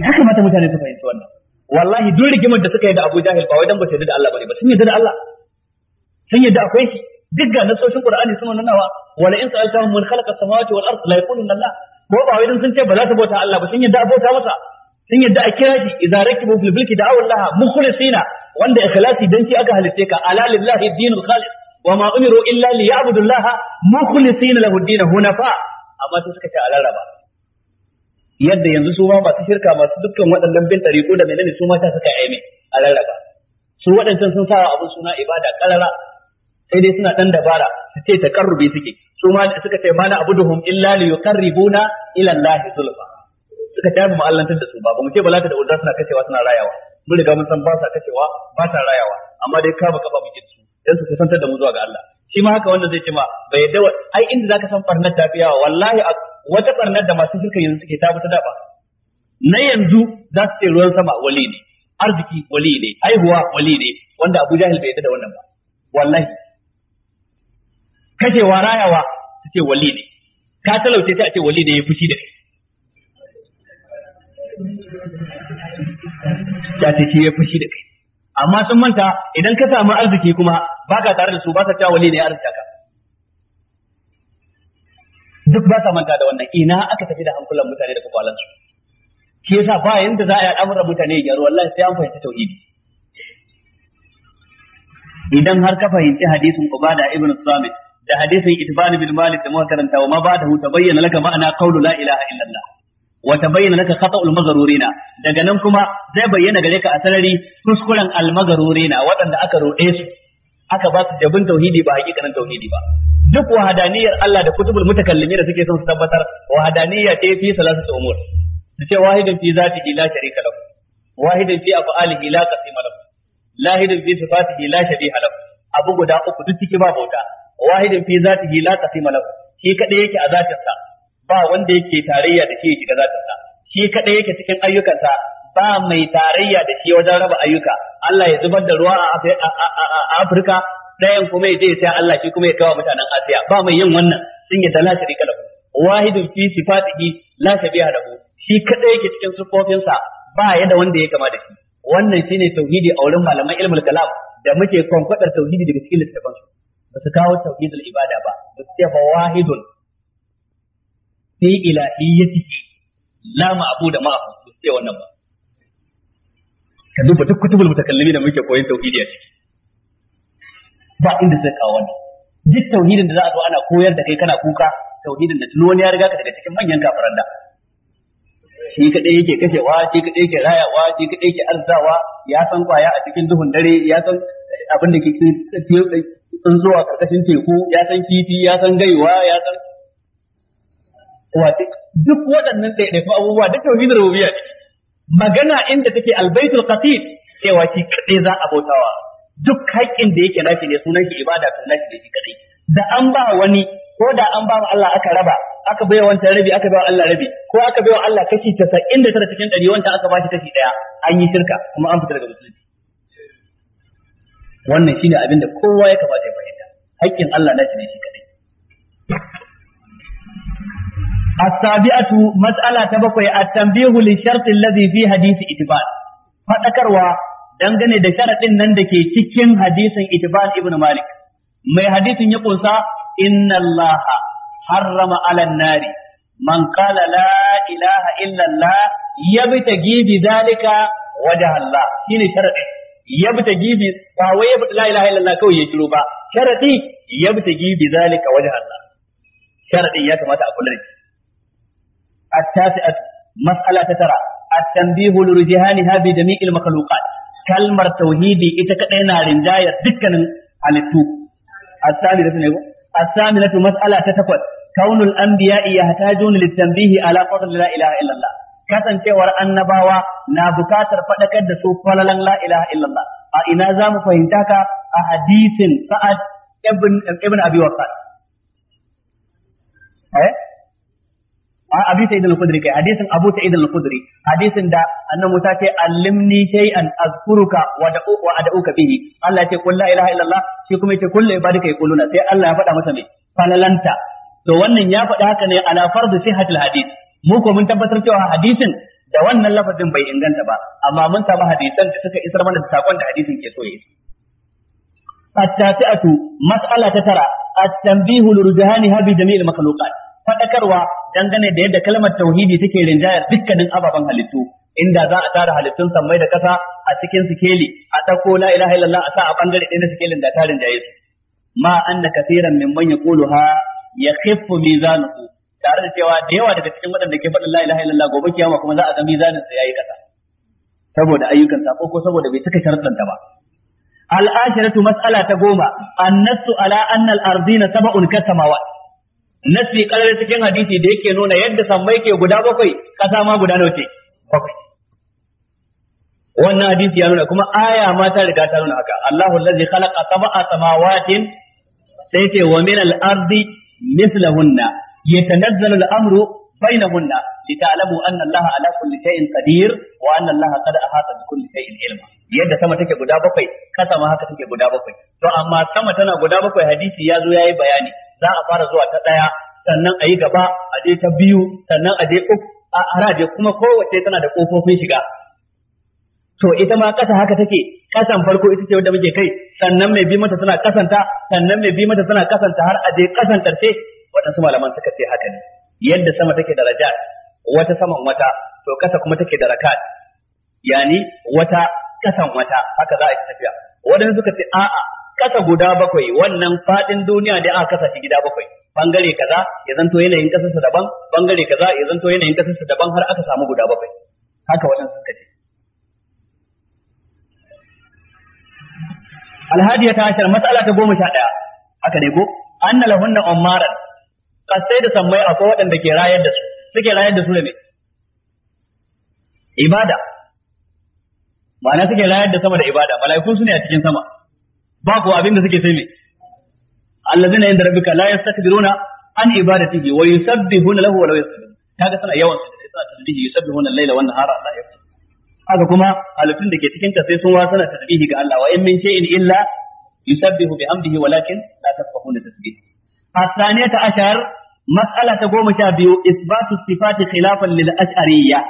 ya kamata mutane su fahimci wannan wallahi duk rigimar da suka yi da Abu Jahil ba wai dan ba da Allah bane ba sun yarda da Allah sun yarda akwai shi duk ga nasoshin Qur'ani suna nanawa? wala in sa'altahum man khalaqa samawati wal ard la yaquluna Allah ko ba wai dan sun ce ba za su bauta Allah ba sun yarda bauta masa sun yarda a kira shi idza rakibu fil bilki da Allah mukhlisina wanda ikhlasi dan shi aka halitte ka ala lillahi dinul khalis wa ma umiru illa liya'budu Allah mukhlisina lahu ad hunafa amma sai suka ce alaraba yadda yanzu su ma masu shirka masu dukkan waɗannan bin ɗariƙo da menene su ma ta suka aime a rarraba su waɗancan sun sawa abin suna ibada ƙarara sai dai suna ɗan dabara su ce ta karrube suke su ma suka ce mana abuduhum illa li yuqarribuna ila lahi zulfa suka ce mu da su ba ba mu ce balata da udda suna kacewa suna rayawa mun riga mun san ba sa kacewa ba sa rayawa amma dai kama kaba mu su dan su kusantar da mu zuwa ga Allah shi ma haka wanda zai ce ma bai yadda ai inda zaka san barnar ta fi yawa wallahi wata barnar da masu shirka yanzu suke ta fita daba na yanzu za su ce ruwan sama wali ne arziki wali ne haihuwa wali ne wanda Abu Jahil bai yadda da wannan ba wallahi kashewa rayawa su ce wali ne ka talauce sai a ce wali ne ya fushi da kai ya ce shi ya fushi da kai amma sun manta idan ka samu arziki kuma baka tare da su ba ka cewa wali ne arzika ka duk ba sa manta da wannan ina aka tafi da hankulan mutane da kwakwalansu shi yasa ba yanda za a yi al'amuran mutane ya gyaru wallahi sai an fahimci tauhidi idan har ka fahimci hadisin Ubada ibn Samit da hadisin Itban bin Malik da muka karanta wa ma ba da hu tabayyana laka ma'ana qawlu la ilaha illallah wa tabayyana laka khata'ul maghrurina daga nan kuma zai bayyana gare ka a sarari kuskuren almaghrurina waɗanda aka roɗe su aka ba su jabin tauhidi ba hakikanin tauhidi ba duk wahadaniyar Allah da kutubul mutakallimin da suke son su tabbatar wahadaniyya ce fi salasatu umur su ce wahidun fi zatihi la sharika lahu wahidun fi af'alihi la qasima lahu lahidun fi sifatihi la shabiha lahu abu guda uku duk ciki ba bauta wahidun fi zatihi la qasima lahu shi kadai yake a zatinsa ba wanda yake tarayya da shi ya shiga zatin sa shi kadai yake cikin ayyukansa ba mai tarayya da shi wajen raba ayyuka Allah ya zubar da ruwa a Afirka ɗayan kuma ya sai Allah shi kuma ya kawo mutanen Asiya ba mai yin wannan sun yi la da lahu wahidun fi sifatihi la shabiha lahu shi kadai yake cikin sufofinsa ba ya da wanda ya kama da shi wannan shine tauhidi a wurin malaman ilmul kalam da muke kwankwadar tauhidi daga cikin littafansu ba su kawo tauhidul ibada ba ba su ce wahidun sai ilahiyyatihi la ma'budu ma'ahu sai wannan ba ka duba duk kutubul mutakallimi da muke koyon tauhidi a ciki ba inda zai kawo wani. duk tauhidin da za a zo ana koyar da kai kana kuka tauhidin da tuno ya riga ka daga cikin manyan kafiran da shi kadai yake kashewa shi kadai yake rayawa shi kadai yake arzawa ya san kwaya a cikin duhun dare ya san abin da ke tsuntsuwa karkashin teku ya san kifi ya san gaiwa ya san wato duk waɗannan ko abubuwa duk tauhidin rububiyya ne magana inda take albaitul qasid cewa shi kadai za a bautawa duk haƙƙin da yake nashi ne sunan shi ibada to nashi ne shi kadai da an ba wani ko da an ba Allah aka raba aka bai wancan rabi aka bai Allah rabi ko aka bai Allah kashi 99 cikin 100 wanda aka bashi kashi daya an yi shirka kuma an fita daga musulunci wannan shine abin da kowa ya kamata ya fahimta haƙƙin Allah nashi ne shi kadai as-sabi'atu mas'ala ta bakwai at-tanbihu li shart alladhi hadisi itibal fadakarwa dangane da sharadin nan da ke cikin hadisin itibal ibn malik mai hadisin ya kunsa inna allaha harrama ala nari man qala la ilaha illa allah yabtagi bi zalika wajha allah shine sharadin yabtagi bi ba wai yabta la ilaha illallah kawai ya kiro ba sharadi yabtagi bi zalika wajha Allah sharadi ya kamata a kula da shi التاسعة مسألة ترى التنبيه لرجهانها بجميع المخلوقات كلمة توحيدي إتكتنا رنجاية دكنا على التو الثامنة الثامنة مسألة تتكوت كون الأنبياء يحتاجون للتنبيه على قدر لا إله إلا الله kasancewar annabawa na bukatar faɗakar da su falalan la ilaha illallah a ina za mu fahimta ka a hadisin sa'ad ibn ibn abi waqqas eh a abi sai kai hadisin abu sai al-khudri hadisin da annabi Musa ce allimni shay'an azkuruka wa da'u wa ad'uka bihi Allah ya ce kullu la ilaha illallah shi kuma yace kullu ibadika yaquluna sai Allah ya faɗa masa me falalanta to wannan ya faɗi haka ne ala fardu sihhatil hadith mu ko mun tabbatar cewa hadisin da wannan lafazin bai inganta ba amma mun samu hadisan da suka isar mana da sakon da hadisin ke so mas'alatu tara at-tanbihu lirujhani habi jami'il makhluqat faɗakarwa dangane da yadda kalmar tauhidi take rinjayar dukkanin ababen halittu inda za a tara halittun sammai da kasa a cikin sikeli a ɗauko la ilaha illallah a sa a bangare ɗaya na sikelin da ta rinjaye su ma anna kaseeran mimman yaquluha yakhiffu mizanuhu tare da cewa da yawa daga cikin waɗanda ke faɗin la ilaha illallah gobe kiyama kuma za a ga mizanin sa yayi kasa saboda ayyukan sako ko saboda bai cika sharuɗanta ba al'ashiratu mas'ala ta goma annasu ala anna al-ardina sab'un kasamawat nasi kalar cikin hadisi da yake nuna yadda sammai ke guda bakwai kasa ma guda nawa ce bakwai wannan hadisi ya nuna kuma aya ma ta riga ta nuna haka Allahu allazi khalaqa sab'a samawatin sai ce wa min al-ardi mithlahunna yatanazzalu al-amru bainahunna lita'lamu anna Allah ala kulli shay'in qadir wa anna Allah qad ahata bi kulli shay'in ilma yadda sama take guda bakwai kasa ma haka take guda bakwai to amma sama tana guda bakwai hadisi ya zo yayi bayani za a fara zuwa ta ɗaya sannan a yi gaba a je ta biyu sannan a je uku a araje kuma kowace tana da ƙofofin shiga to ita ma ƙasa haka take ƙasan farko ita ce wadda muke kai sannan mai bi mata tana ƙasanta sannan mai bi mata tana ƙasanta har a je ƙasan ƙarshe waɗansu malaman suka ce haka ne yadda sama take da rajat wata saman wata to ƙasa kuma take da rakat yani wata ƙasan wata haka za a yi tafiya waɗansu suka ce a'a kasa guda bakwai wannan fadin duniya da aka kasa gida bakwai bangare kaza ya zanto yanayin kasarsa daban bangare kaza ya zanto yanayin kasarsa daban har aka samu guda bakwai haka waɗansu suka ce alhadiya ta ashar matsala ta goma sha ɗaya haka ne ko anna lahunna ummaran kasai da sammai akwai waɗanda ke rayar da su suke rayar da su ne ibada ma'ana suke rayar da sama da ibada mala'ikun su ne a cikin sama ba ko abin da suke sai me allazina inda rabbika la yastakbiruna an ibadatihi wa yusabbihuna lahu wa la yasjudun kaga sana yawan su da yasa tasbihi yusabbihuna al-laila wan nahara la yaftu haka kuma halittun da ke cikin ta sai sun wa sana tasbihi ga Allah wa in min shay'in illa yusabbihu bi amdihi walakin la tafqahuna tasbih الثانية عشر مسألة قوم sifati khilafan الصفات خلافا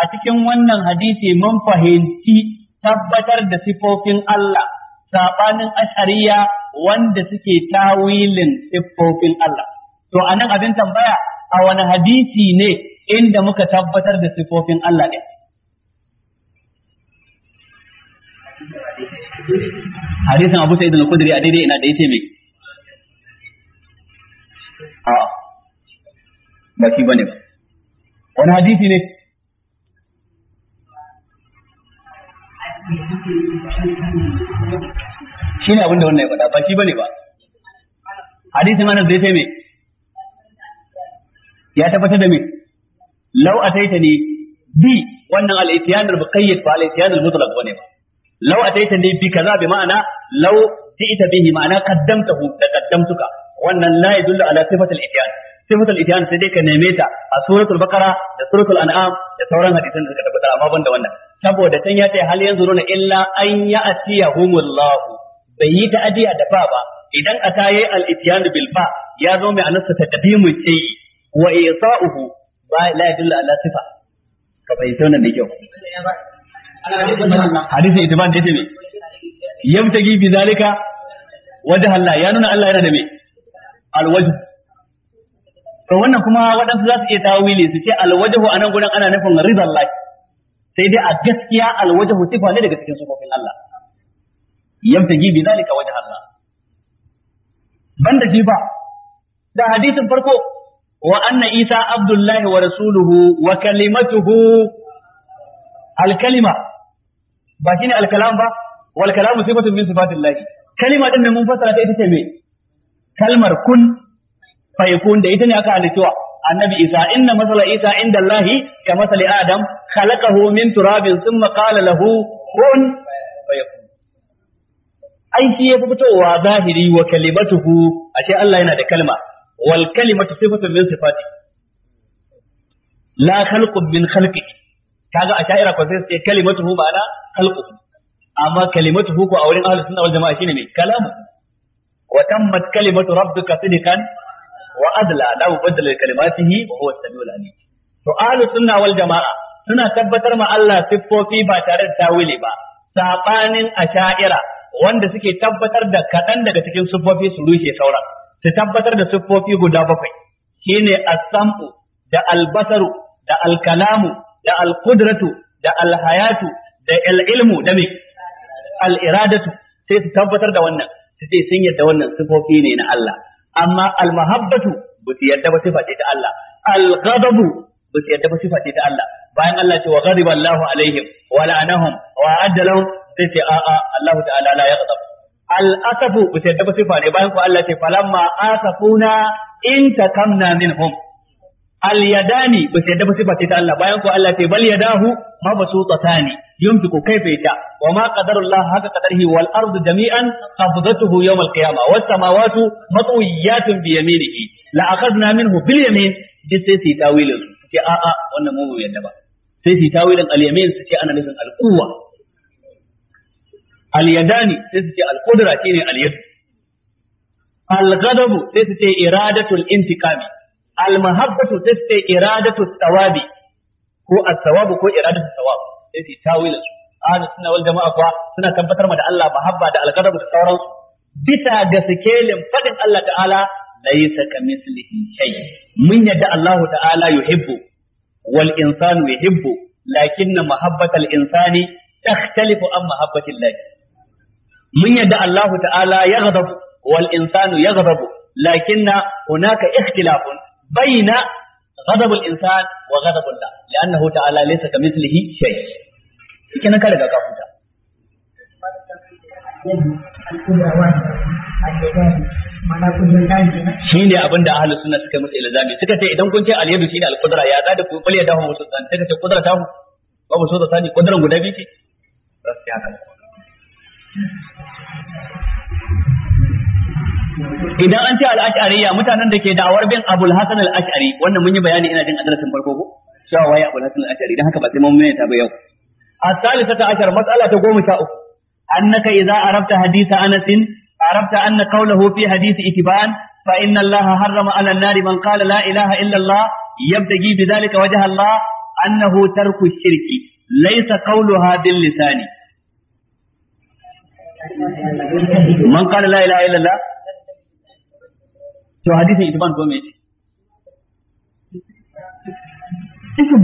A cikin wannan hadisi, mun fahimci tabbatar da sifofin Allah sabanin ash'ariya wanda suke tawilin siffofin Allah to anan abin tambaya a wani hadisi ne inda muka tabbatar da siffofin Allah ne hadisin Abu Sa'id al-Khudri a daidai ina da yace mai a ba shi bane ba wani hadisi ne shine abin da wannan ya faɗa ba shi bane ba hadisin Anas zai sai me ya tabbatar da me law ataitani bi wannan al-ityan al-muqayyad ba al-ityan al-mutlaq bane ba law ataitani bi kaza bi ma'ana law ti'ita bihi ma'ana qaddamtahu da qaddamtuka wannan la yadullu ala sifati al-ityan sifatu al-ityan sai dai ka neme ta a suratul baqara da suratul an'am da sauran hadisan da suka tabbatar amma banda wannan saboda can ya ce hal yanzu nuna illa an ya'tiyahumullahu bai yi ta'adiya da ba ba idan aka yi al-ityan bil ba ya zo mai anasa mu ce wa isa'uhu ba la yadullu ala sifa ka bai tauna da kyau hadisin itiban da yake ta yamtagi bi zalika wajh Allah ya nuna Allah yana da me al-wajh to wannan kuma waɗansu za su iya tawili su ce alwajahu a nan gudan ana nufin ridallahi sai dai a gaskiya alwajahu sifa ne daga cikin sufofin Allah yamtaji bi zalika wajh Allah banda shi ba da hadisin farko wa anna isa abdullahi wa rasuluhu wa kalimatuhu al-kalima ba shine al-kalam ba wal kalamu sifatun min sifatillah kalima din nan mun fassara ta ita ce me kalmar kun fayakun da ita ne aka halittuwa annabi isa inna masala isa inda allahi ka masali adam khalaqahu min turabin thumma qala lahu kun ai ya yafi fitowa zahiri wa kalimatuhu a ce Allah yana da kalma wal kalimatu sifatun min sifati la khalqun min khalqi kaga a sha'ira ko sai ce kalimatuhu ma'ana khalqu amma kalimatuhu ko a wurin ahlus sunna wal jama'a shine mai kalamu wa tammat kalimatu rabbika sidqan wa adla la mubaddala li kalimatihi wa huwa as-sami'ul alim to ahlus sunna wal jama'a suna tabbatar ma Allah siffofi ba tare da tawili ba sabanin asha'ira wanda suke tabbatar da kaɗan daga cikin siffofi su rushe sauran su tabbatar da siffofi guda bakwai shine as-sam'u da al-basaru da al-kalamu da al-qudratu da al-hayatu da al-ilmu da me al-iradatu sai su tabbatar da wannan su ce sun yadda wannan siffofi ne na Allah amma al-mahabbatu ba su yadda ba sifa ce ta Allah al-ghadabu ba su yadda ba sifa ce ta Allah bayan Allah ce wa ghadiba Allahu alaihim wa la'anahum wa adda lahum sai ce a'a a Allah ta'ala la yaghzab al asafu bi ta dafa sifa ne bayan ko Allah ce falamma asafuna in takamna minhum al yadani bi ta dafa sifa ce ta Allah bayan ko Allah ce bal yadahu mabsutatani yumtiku kayfa yasha wa ma qadarullah haka qadarihi wal ardu jami'an qabdatuhu yawm al qiyamah was samawati matwiyatun bi yaminihi la akhadna minhu bil yamin duk sai su yi tawilin su ce a'a wannan mu yadda ba sai su yi tawilin al yamin su ce ana nufin al quwwa al-yadani sai su ce al-qudra shine al-yad al-ghadabu sai su ce iradatul intiqami al-mahabbatu sai su ce iradatul thawabi ko as-thawabu ko iradatul thawab sai su tawilin su ahlu sunna wal jama'a kuwa suna tabbatar ma da Allah mahabba da al-ghadabu da sauransu bisa ga sikelin fadin Allah ta'ala laysa kamithlihi shay mun yadda Allah ta'ala yuhibbu wal insanu yuhibbu lakinna mahabbatal insani تختلف عن محبة الله mun yarda Allahu ta'ala ya ghadab wal insanu ya ghadabu lakinna hunaka ikhtilafun baina ghadab al insan wa ghadab Allah li'annahu ta'ala laysa shi ne abin da ahalus suna suka musu ilzami suka ce idan kun ce alyadu shi ne alqudra ya za da ku kulli dahu suka ce qudra tahu babu so da sani qudran guda biyu ce rasu idan an ce al ya mutanen da ke da'awar bin abul hasan al-ash'ari wannan mun yi bayani ina jin adresin farko ko cewa waye abul hasan al-ash'ari dan haka ba sai mun mai ta ba yau as-salisata ashar mas'ala ta goma uku annaka idza arabta hadith anas arabta anna qawluhu fi hadith itiban fa inna allaha harrama 'ala an-nar man qala la ilaha illa allah bi dhalika wajha allah annahu tarku shirki laysa qawluha bil lisani man qala la ilaha illallah to hadisin itban ko me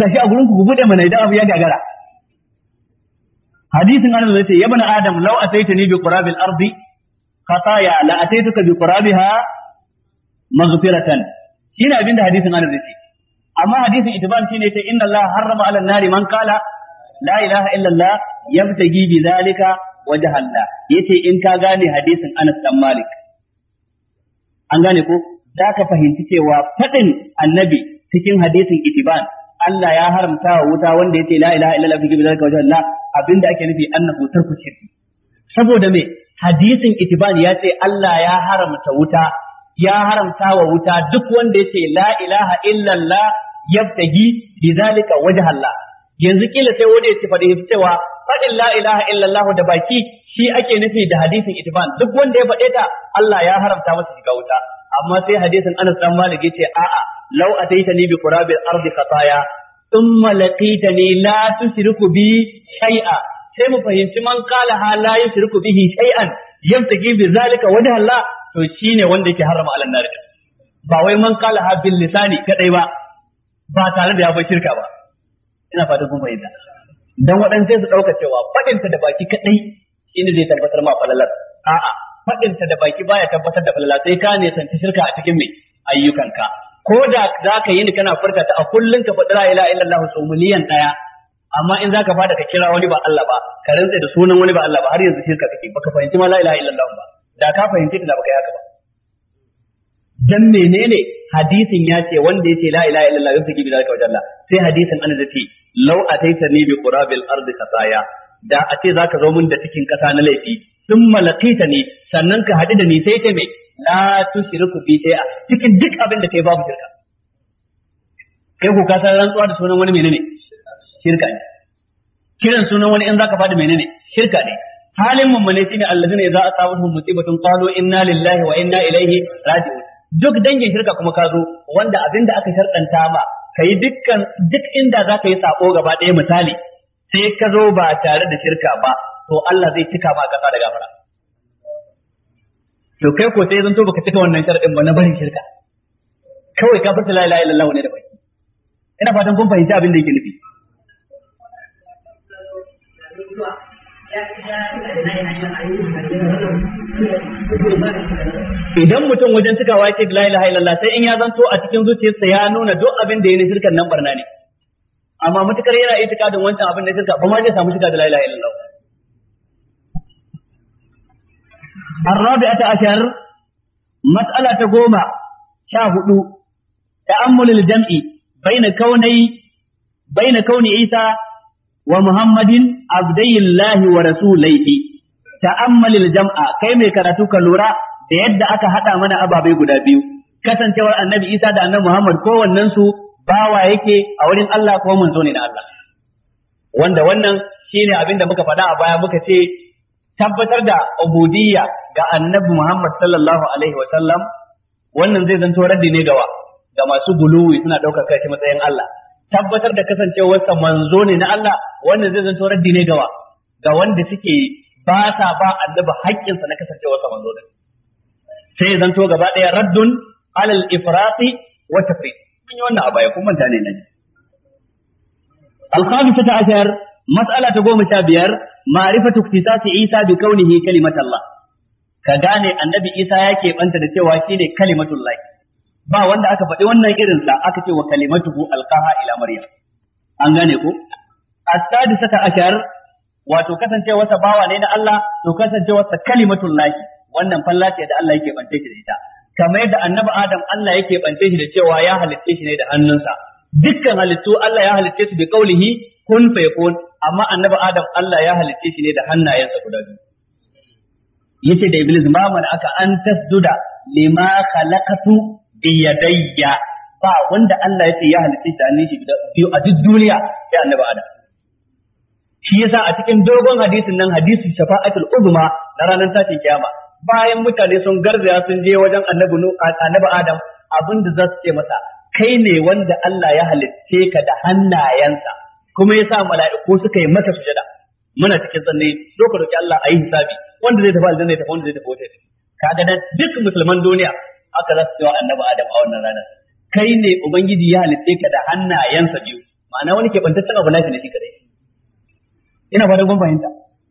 da shi a gurin ku bude mana idan abu ya gagara. Hadisin Anas zai ce ya bani Adam law ataitani bi qurabil ardi khataya la ataituka bi qurabiha maghfiratan. Shine abinda hadisin Anas zai ce. Amma hadisin itban shine ta inna Allah harrama ala nari man qala la ilaha illa Allah yabtagi bi zalika wajen Allah yace in ka gane hadisin Anas dan Malik an gane ko za ka fahimci cewa faɗin annabi cikin hadisin itiban Allah ya haramta wa wuta wanda yace la ilaha illallah fi zalika wajh abinda ake nufi annahu tarku shirki saboda me hadisin itiban ya ce Allah ya haramta wuta ya haramta wa wuta duk wanda yace la ilaha illallah yabtagi bi zalika wajh Allah yanzu kila sai wani yace fa da cewa faɗin la ilaha illallah da baki shi ake nufi da hadisin itban duk wanda ya faɗe ta Allah ya haramta masa shiga wuta amma sai hadisin Anas dan Malik yace a'a law ataitani bi qurabil ardi khataya thumma laqitani la tushriku bi shay'a sai mu fahimci man qala ha la yushriku bihi shay'an yamtaki bi zalika wajha Allah to shine wanda yake harama alan nar ba wai man qala ha bil lisani kadai ba ba tare da ya bai shirka ba ina fatan kun fahimta dan waɗansu sai su ɗauka cewa faɗinta da baki kaɗai shine zai tabbatar ma falalar a'a faɗinta da baki baya tabbatar da falala sai ka ne santi shirka a cikin mai ayyukanka ko da za ka yi ni kana furta ta a kullum ka faɗi la ilaha illallah su miliyan ɗaya amma in za ka fada ka kira wani ba Allah ba ka rantsa da sunan wani ba Allah ba har yanzu shirka kake baka fahimci ma la ilaha illallah ba da ka fahimci da baka yi haka ba dan menene hadisin ya ce wanda yace la ilaha illallah yusaki bi zalika wajalla sai hadisin an zati law ni bi qurabil ardi khataya da a ce zaka zo mun da cikin kasa na laifi sun malakita ni sannan ka haɗu da ni sai ta me la tushriku bi shay'a cikin duk abin da kai babu shirka kai ko ka san rantsuwa da sunan wani menene shirka ne kiran sunan wani in zaka bada menene shirka ne halin mummune shine allazina idza asabatuhum musibatun qalu inna lillahi wa inna ilaihi raji'un duk dangin shirka kuma ka zo wanda abin da aka sharɗanta ma yi dukkan duk inda za ka yi sako gaba ɗaya misali sai ka zo ba tare da shirka ba to Allah zai cika ma ƙasa da gafara to kai ko sai zanto baka cika wannan sharɗin ba na barin shirka kawai ka furta la ilaha illallah ne da baki ina fatan kun fahimci abin da yake nufi idan mutum wajen cikawa yake la ilaha illallah sai in ya zanto a cikin zuciyarsa ya nuna duk abin da ya ne shirkan nan barna ne amma mutukar yana itikadin wancan abin da shirka ba ma zai samu shirka da la ilaha illallah ta goma sha hudu, شاهد تأمل الجمع بين bai na kauni Isa. wa Muhammadin abdayillahi wa rasulaihi ta'ammalil jam'a kai mai karatu ka lura da yadda aka hada mana ababai guda biyu kasancewar annabi Isa da annabi Muhammad wannan su bawa yake a wurin Allah ko mun zo ne na Allah wanda wannan shine abin da muka faɗa a baya muka ce tabbatar da ubudiyya ga annabi Muhammad sallallahu alaihi wa sallam wannan zai zanto raddi ne gawa ga masu guluwi suna ɗaukar kai matsayin Allah tabbatar da kasancewarsa manzo ne na Allah wannan zai zanto raddi ne gawa ga wanda suke ba sa ba annabi haƙƙinsa na kasancewarsa manzo din sai ya zanto gaba ɗaya raddun alal ifrati wa tafriq mun yi wannan a baya kun manta ne nan الخامسة عشر مسألة تقوم شابير معرفة اختصاص عيسى بكونه كلمة الله كجاني النبي عيسى يكي أنت تتوى كلمة الله ba wanda aka faɗi wannan irin sa aka ce wa kalimatuhu alqaha ila maryam an gane ko as-sadisata ashar wato kasancewarsa bawa ne na Allah to kasancewarsa kalimatul lahi wannan fallace da Allah yake bance shi da ita kamar yadda annabi Adam Allah yake bance shi da cewa ya halitte shi ne da hannunsa dukkan halittu Allah ya halitte su bi qaulihi kun fayakun amma annabi Adam Allah ya halitte shi ne da hannayensa guda biyu yace da Iblis ma aka an tasduda lima khalaqatu biyadayya ba wanda Allah ya ce ya halitta shi da hannun shi biyu a duk duniya ya annabi Adam shi yasa a cikin dogon hadisin nan hadisi shafa'atul uzma na ranar tashin kiyama bayan mutane sun garzaya sun je wajen annabi annabi Adam abinda za su ce masa kai ne wanda Allah ya halitta ka da hannayensa kuma ya sa mala'iku suka yi maka sujada muna cikin sanne doka doki Allah ayi hisabi wanda zai tafi aljanna ya tafi wanda zai tafi wata kaga nan duk musulman duniya haka za su cewa annabi adam a wannan ranar kai ne ubangiji ya halitte ka da hannayensa biyu ma'ana wani ke bantacce abu lafi ne shi kadai ina fatan kun fahimta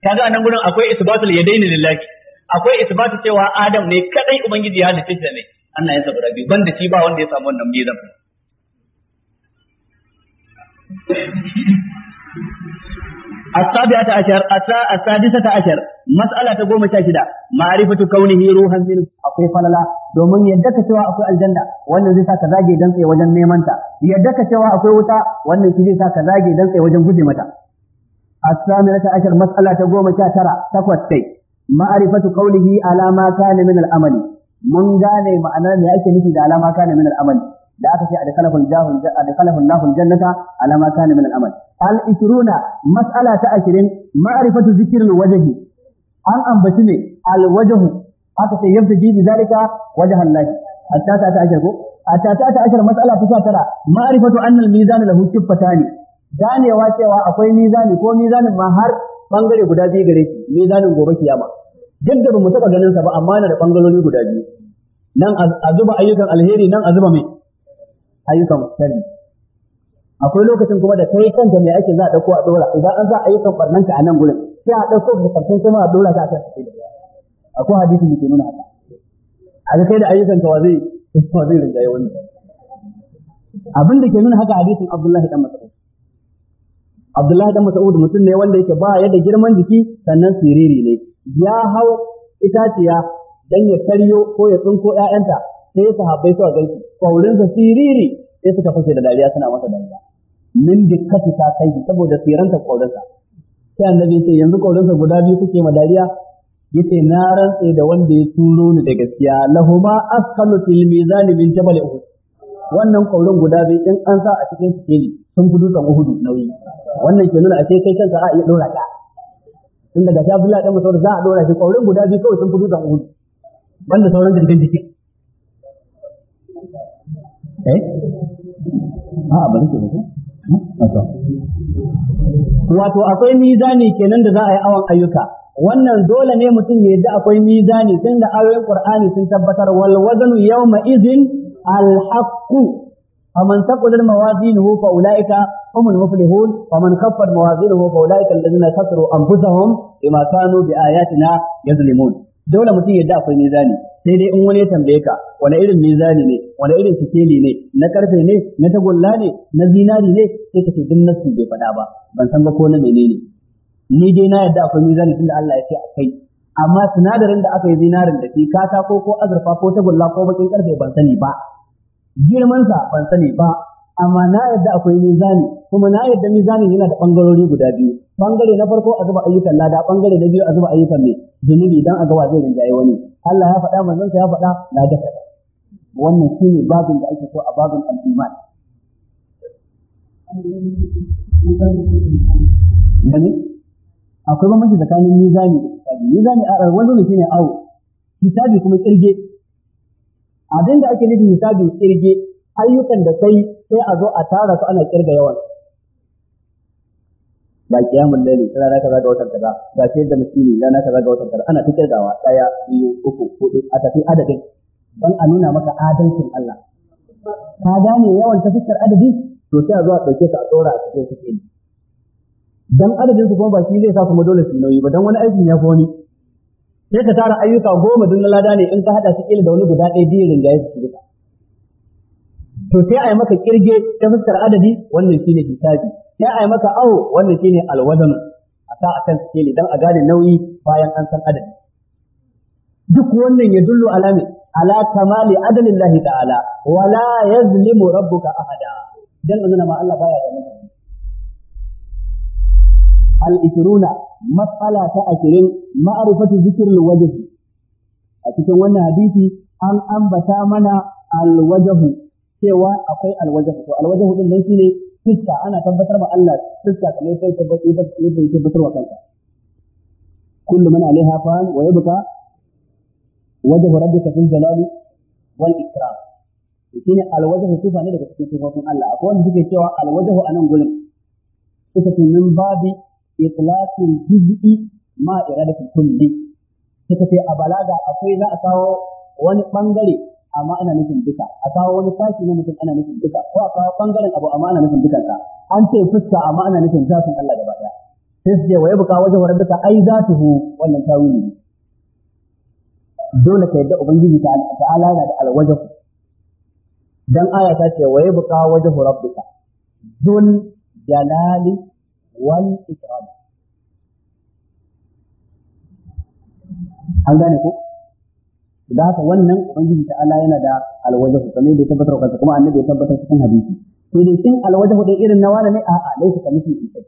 kaga anan gurin akwai isbatul yadaini lillahi akwai isbatu cewa adam ne kadai ubangiji ya halitta shi ne hannayensa guda biyu banda shi ba wanda ya samu wannan mizan السابعة عشر السادسة عشر مسألة تقوم شاشدة معرفة كونه روحا منه أقوي فللا domin yadda ka cewa akwai aljanna wannan zai sa ka zage dan wajen neman ta yadda cewa akwai wuta wannan shi zai sa ka zage dan tsaye wajen guje mata as-samirata ashar mas'ala ta goma sha tara takwas kai ma'rifatu qawlihi ala ma al-amali mun gane ma'anar me ake nufi da ala min al-amali da aka ce adkhalahu jannata al-amali al-20 mas'ala ta 20 ma'rifatu zikril wajhi an ambaci ne al-wajhu aka ce yabtaji bi zalika wajha Allah hatta ta ta ashar ko hatta ta ta ashar mas'ala ta 19 ma'rifatu anna al-mizan lahu kifatani ganewa cewa akwai mizani ko mizanin ma har bangare guda biyu gare shi mizanin gobe kiyama duk da bamu taba ganin sa ba amma yana da bangarori guda biyu nan a zuba ayyukan alheri nan a zuba mai ayyukan sharri akwai lokacin kuma da kai kanka mai ake za a ɗauko a dora idan an za a yi barnan ka a nan gurin sai a ɗauko da karshen kuma a dora ta a kan akwai hadisin da ke nuna haka a kai da ayyukan ka wa zai wa zai yi wani abin da ke nuna haka hadisin Abdullahi dan Mas'ud Abdullahi dan Mas'ud mutum ne wanda yake ba ya da girman jiki sannan siriri ne ya hau itaciya dan ya karyo ko ya tsinko ƴaƴanta sai sahabbai suka gaishe kaurin sa siriri sai suka fashe da dariya suna masa dariya min dikkati ta kai saboda tsiranta kaurinsa sai annabi ce yanzu kaurinsa guda biyu kuke ma dariya yace na rantse da wanda ya turo ni da gaskiya lahuma asqalu fil mizani min jabal uhud wannan kaurin guda biyu in an sa a cikin sikeli sun gudu dutsen uhudu nauyi wannan ke nuna a ce kai kanka a iya dora ka tun daga jabula da mutum za a dora shi kaurin guda biyu kawai sun gudu dutsen uhudu banda sauran jirgin jiki, eh a bari ke mutum." wato akwai mizani kenan da za a yi awon ayyuka wannan dole ne mutum ya yi akwai mizani tun da ayoyin qur'ani sun tabbatar wal wazanu yawma idhin al haqqu faman thaqulat mawazinuhu fa ulaika humul muflihun faman khaffat mawazinuhu fa ulaika alladhina khasaru anfusahum bima kanu bi ayatina yazlimun dole mutum ya da akwai mizani sai dai in wani ya tambaye ka wani irin mizani ne wani irin sikeli ne na karfe ne na tagulla ne na zinari ne sai ka ce duk nasu bai faɗa ba ban san ba ko na menene ni dai na yadda akwai mizani tunda Allah ya ce kai. amma sinadarin da aka yi zinarin da shi katako ko azurfa ko tagulla ko bakin karfe ban sani ba girman sa ban sani ba amma na yadda akwai mizani kuma na yadda mizani yana da bangarori guda biyu bangare na farko a zuba ayyukan lada bangare na biyu a zuba ayyukan mai zunubi dan a ga wa zai yi wani Allah ya faɗa manzon sa ya faɗa na ga wannan shine babin da ake so a babin al-iman akwai bambanci tsakanin mizani da kitabi mizani a wani ne shine awo kitabi kuma kirge abinda ake nufin kitabi kirge ayyukan da kai sai a zo a tara su ana kirga yawan ba kiyamul laili rana kaza ga watan kaza ga ce da miskini rana kaza ga watan kaza ana ta kirgawa daya biyu uku hudu a tafi adadin dan a nuna maka adalcin Allah ka gane yawan ta fuskar adadi to sai a zo a dauke su a tsora a cikin su kenan dan adadin su kuma ba shi zai sa kuma dole su nauyi ba dan wani aikin ya fi wani sai ka tara ayyuka goma dun lada ne in ka hada su kila da wani guda ɗaya biyu rinjaye su duka to sai a yi maka kirge ta fuskar adadi wannan shine hisabi sai a yi maka awo wannan shine alwazan a sa a kan skeli don a gane nauyi bayan an san adadi duk wannan ya dullo alami ala kamali adalillahi ta'ala wala yazlimu rabbuka ahada dan azuna ma Allah baya da mutum al-ishruna mas'ala ta 20 ma'rifatu dhikril wajhi a cikin wannan hadisi an ambata mana al-wajhu cewa akwai alwajahu to alwajahu din nan shine fuska ana tabbatar ma Allah fuska kamar sai tabbatar da yadda yake tabbatar wa kullu man alaiha fan wa yabqa wajhu rabbika fil jalali wal ikram shine alwajahu sifa ne daga cikin sifofin Allah akwai wanda suke cewa alwajahu anan gurin suka ce min babi itlaqil juz'i ma iradatul kulli suka ce a balaga akwai za a kawo wani bangare amma ana nufin duka a kawo wani sashi na mutum ana nufin duka ko a kawo bangaren abu amma ana nufin dukan an ce fuska amma ana nufin zafin Allah gaba daya sai su wajen wurin yabqa Ai za ai hu, wannan tawili ne dole ka yadda ubangiji ta ta'ala yana da alwajhu dan aya ta ce waye buka wajen wurin duka dun jalali wal ikram an gane ko da haka wannan ubangiji ta Allah yana da alwajahu kamar da ya tabbatar kansa kuma annabi ya tabbatar cikin hadisi to dai shin alwajahu dai irin na wani ne a a laisa kamithlihi shay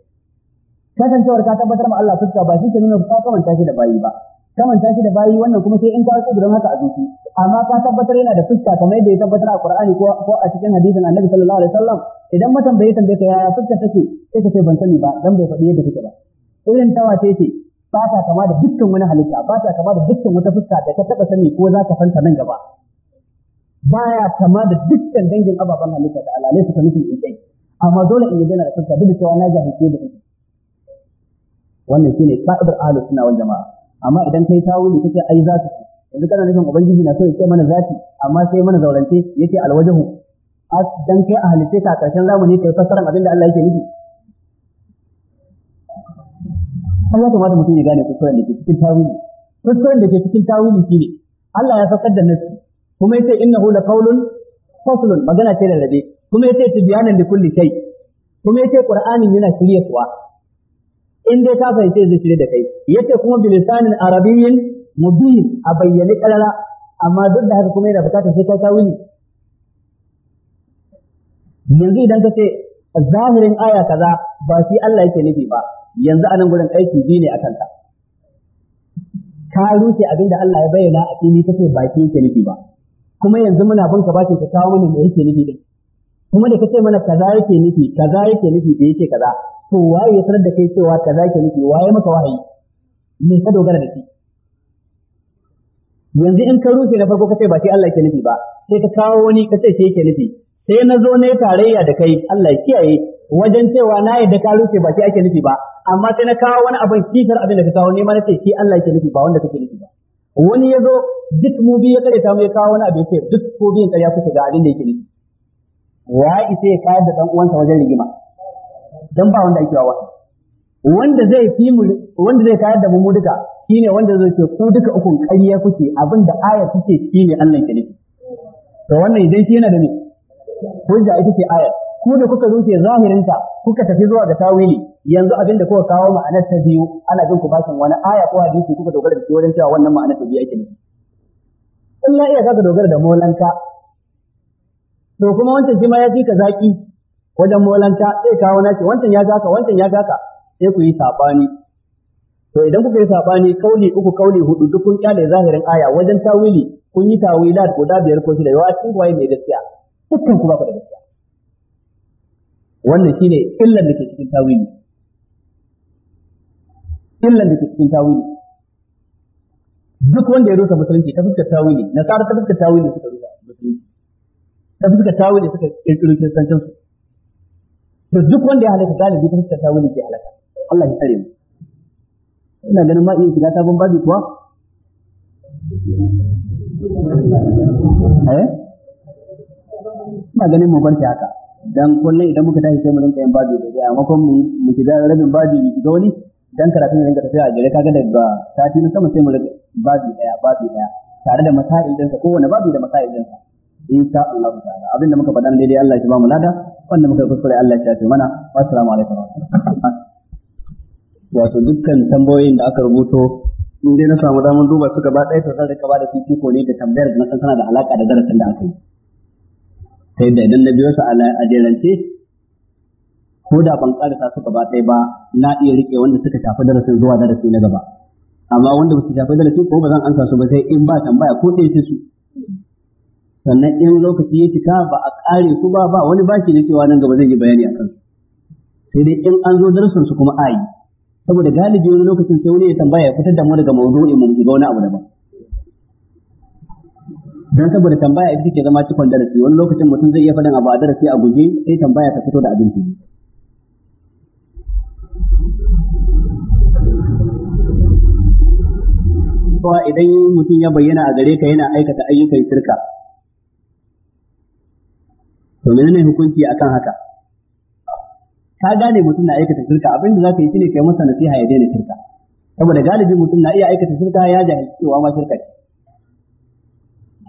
kasancewar ka tabbatar ma Allah fuska ba shi ke nuna ka kaman tashi da bayi ba kaman tashi da bayi wannan kuma sai in ka wasu don haka a zuci amma ka tabbatar yana da fuska kamar yadda ya tabbatar a Qur'ani ko ko a cikin hadisin Annabi sallallahu alaihi wasallam idan bai tambaye ka ya fuska take sai ka ce ban sani ba dan bai faɗi yadda take ba irin tawa ce ce ba ta kama da dukkan wani halitta ba ta kama da dukkan wata fuska da ka taɓa sani ko za ka fanta nan gaba Ba ya kama da dukkan dangin ababen halitta da alalai suka mutum in kai. amma dole in yi dana da fuska duk da cewa na jahilce da take wannan shine ka'idar ahlus sunna wal jamaa amma idan kai tawili kace ai za ta yanzu kana nufin ubangiji na so ya ce mana zati amma sai mana zaurance yake alwajahu as dan kai a halitta ka karshen zamani kai fassaran abin da Allah yake nufi har ya kamata mutum ya gane kuskuren da ke cikin tawili kuskuren da ke cikin tawili shine Allah ya saukar da nasu kuma ya ce na hula kaulun, fasulun, magana ce da rabe kuma ce tibyanan da kulli kai. kuma ya ce qur'anin yana shirya kuwa in dai ka fahimce zai shirye da kai Ya ce kuma bilisanin arabiyyin mubin a bayyane karara amma duk da haka kuma yana bukatar sai ka tawili yanzu idan ka ce zahirin aya kaza ba shi Allah yake nufi ba yanzu anan gurin aiki biyu ne a kanta. ka rushe abin da Allah ya bayyana a fili kace baki yake nufi ba kuma yanzu muna bin ka bakin ka kawo mana me yake nufi din kuma da kace mana kaza yake nufi kaza yake nufi da yake kaza to waye ya sanar da kai cewa kaza yake nufi waye maka wahayi me ka dogara da shi yanzu in ka rushe na farko kace ba sai Allah yake nufi ba sai ka kawo wani kace shi yake nufi sai na zo ne tarayya da kai Allah ya kiyaye wajen cewa na yadda ka rufe ba shi ake nufi ba amma sai na kawo wani abin kishar abin da ka kawo ne ma ce shi Allah yake nufi ba wanda kake nufi ba wani ya zo duk mu biyu ya kare ta mu ya kawo wani abin ce duk ko biyun ƙarya kuke ga abin da yake nufi wa ise ya kayar da dan uwansa wajen rigima dan ba wanda yake wa wanda zai fi mu wanda zai kayar da mu mu duka shine wanda zai ce ku duka ukun ƙarya kuke abin da aya kuke shine Allah yake nufi to wannan idan shi yana da ne hujja ita ce ayar ku da kuka zuke zahirinta kuka tafi zuwa ga tawili yanzu abinda kuka kawo ma'anar ta biyu ana bin ku bakin wani aya ko hadisi kuka dogara da shi wajen cewa wannan ma'anar ta biyu ake nufi in na iya zaka dogara da molanka to kuma wancan shi ma ya ji ka zaki wajen molanka sai kawo naki wancan ya gaka wancan ya gaka sai ku yi sabani to idan kuka yi sabani kauli uku kauli hudu duk kun kyale zahirin aya wajen tawili kun yi tawilat guda biyar ko shida yawa cikin waye mai gaskiya dukkan ku ba ku da gaskiya wannan shine illan da ke cikin tawili illan da ke cikin tawili duk wanda ya rusa musulunci ta fuskar tawili tsara ta fuskar tawili suka rusa musulunci ta fuskar tawili suka kirkiro kiristancin su to duk wanda ya halaka galibi ta fuskar tawili ke halaka Allah ya tsare mu ina ganin ma iya shiga sabon babi kuwa eh ina ganin mu barke haka dan kullum idan muka tashi sai mu rinka yin babi da dai amma kuma mu da rabin babi mu ga wani dan karatun rinka tafiya a jere kaga daga sati na sama sai mu rinka babi daya babi daya tare da masail din sa kowanne babi da masail din sa insha Allah ta'ala abinda muka faɗa daidai Allah ya ba mu lada wanda muka kuskure Allah ya shafe mana assalamu alaikum wato dukkan tambayoyin da aka rubuto in dai na samu damar duba su gaba ɗaya to zan rika ba da fifiko ne da tambayar da na san tana da alaka da darasin da aka yi ta yadda idan na biyo su a jerance ko da ban karasa su gaba ɗaya ba na iya rike wanda suka shafi darasin zuwa darasi na gaba amma wanda ba su shafi darasi ko ba zan ansa su ba sai in ba tambaya ko ɗaya su sannan in lokaci ya cika ba a ƙare su ba ba wani baki na cewa nan gaba zai yi bayani a kansu sai dai in an zo darasin su kuma ayi saboda galibi wani lokacin sai wani ya tambaya ya fitar da mu daga mawdu'in mu ga wani abu daban dan saboda tambaya ita ke zama cikon darasi wani lokacin mutum zai iya faɗin abu a darasi a guje sai tambaya ta fito da abin Kowa idan mutum ya bayyana a gare ka yana aikata ayyukan shirka to ne hukunci akan haka ka gane mutum na aikata shirka abin da ka yi shine kai masa nasiha ya daina shirka saboda galibin mutum na iya aikata shirka ya jahilci cewa ma shirka ce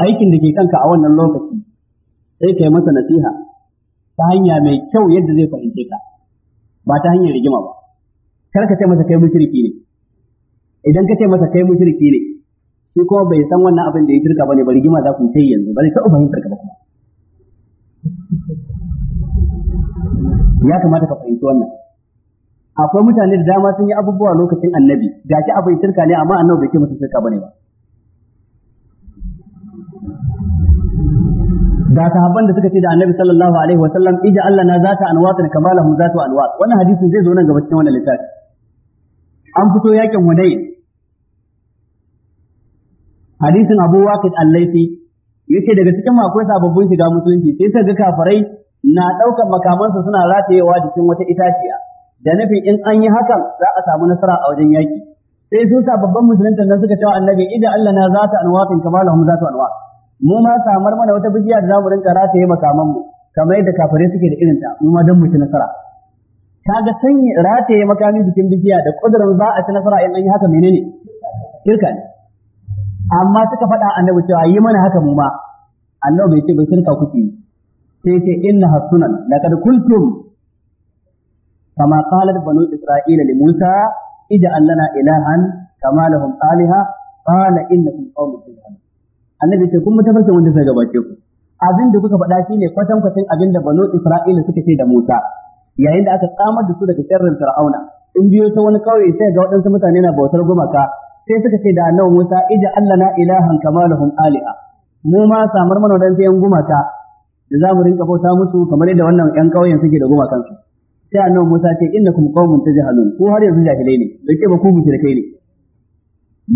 aikin da ke kanka a wannan lokaci sai ka yi masa nasiha ta hanya mai kyau yadda zai fahimce ka ba ta hanyar rigima ba kar ka ce masa kai mushriki ne idan ka ce masa kai mushriki ne shi kuma bai san wannan abin da ya shirka bane ba rigima za ku yi ta yanzu ba zai taɓa fahimtar ka ba kuma ya kamata ka fahimci wannan akwai mutane da dama sun yi abubuwa lokacin annabi ga ki abin turka ne amma annabi bai ce musu ba bane ba ga sahabban da suka ce da annabi sallallahu alaihi wa sallam ija Allah na zata anwatin kama lahum zatu anwat wannan hadisin zai zo nan gaba cikin wannan littafi an fito yakin Hunayn hadisin Abu Waqid Al-Laythi yace daga cikin mu akwai sababbin shiga musulunci sai sai ga kafirai na daukan makamansa suna ratayewa jikin wata itaciya da nufin in an yi hakan za a samu nasara a wajen yaki sai su sababbin musulunta nan suka cewa annabi ija Allah na zata anwatin kama lahum zatu anwat mu ma samar mana wata bijiya da zamu rinka rataye makaman mu kamar yadda kafare suke da irin ta mu ma dan mu ci nasara kaga sanya rataye makamin cikin bijiya da kudurin za a ci nasara in an yi haka menene kirka ne amma suka faɗa annabi cewa yi mana haka mu ma annabi bai ce bai shirka kuke sai ce inna hasunan laqad kuntum kama qalat banu isra'ila li musa ij'al lana ilahan kama lahum alaha qala innakum qaumun tajhalun annabi ce kun mutafarkin wanda suka gabace ku abin da kuka faɗa ne kwatan kwatan abin da banu isra'ila suka ce da Musa yayin da aka tsamar da su daga sharrin fir'auna in biyo ta wani kauye sai ga waɗansu mutane na bautar gumaka sai suka ce da annabi Musa ija allana ilahan kamaluhum aliha mu ma samar mana wadansu yan gumaka da za mu rinka bauta musu kamar yadda wannan yan kauyen suke da su. sai annabi Musa ce innakum qaumun tajhalun ko har yanzu jahilai ne bai ce ba ku kai ne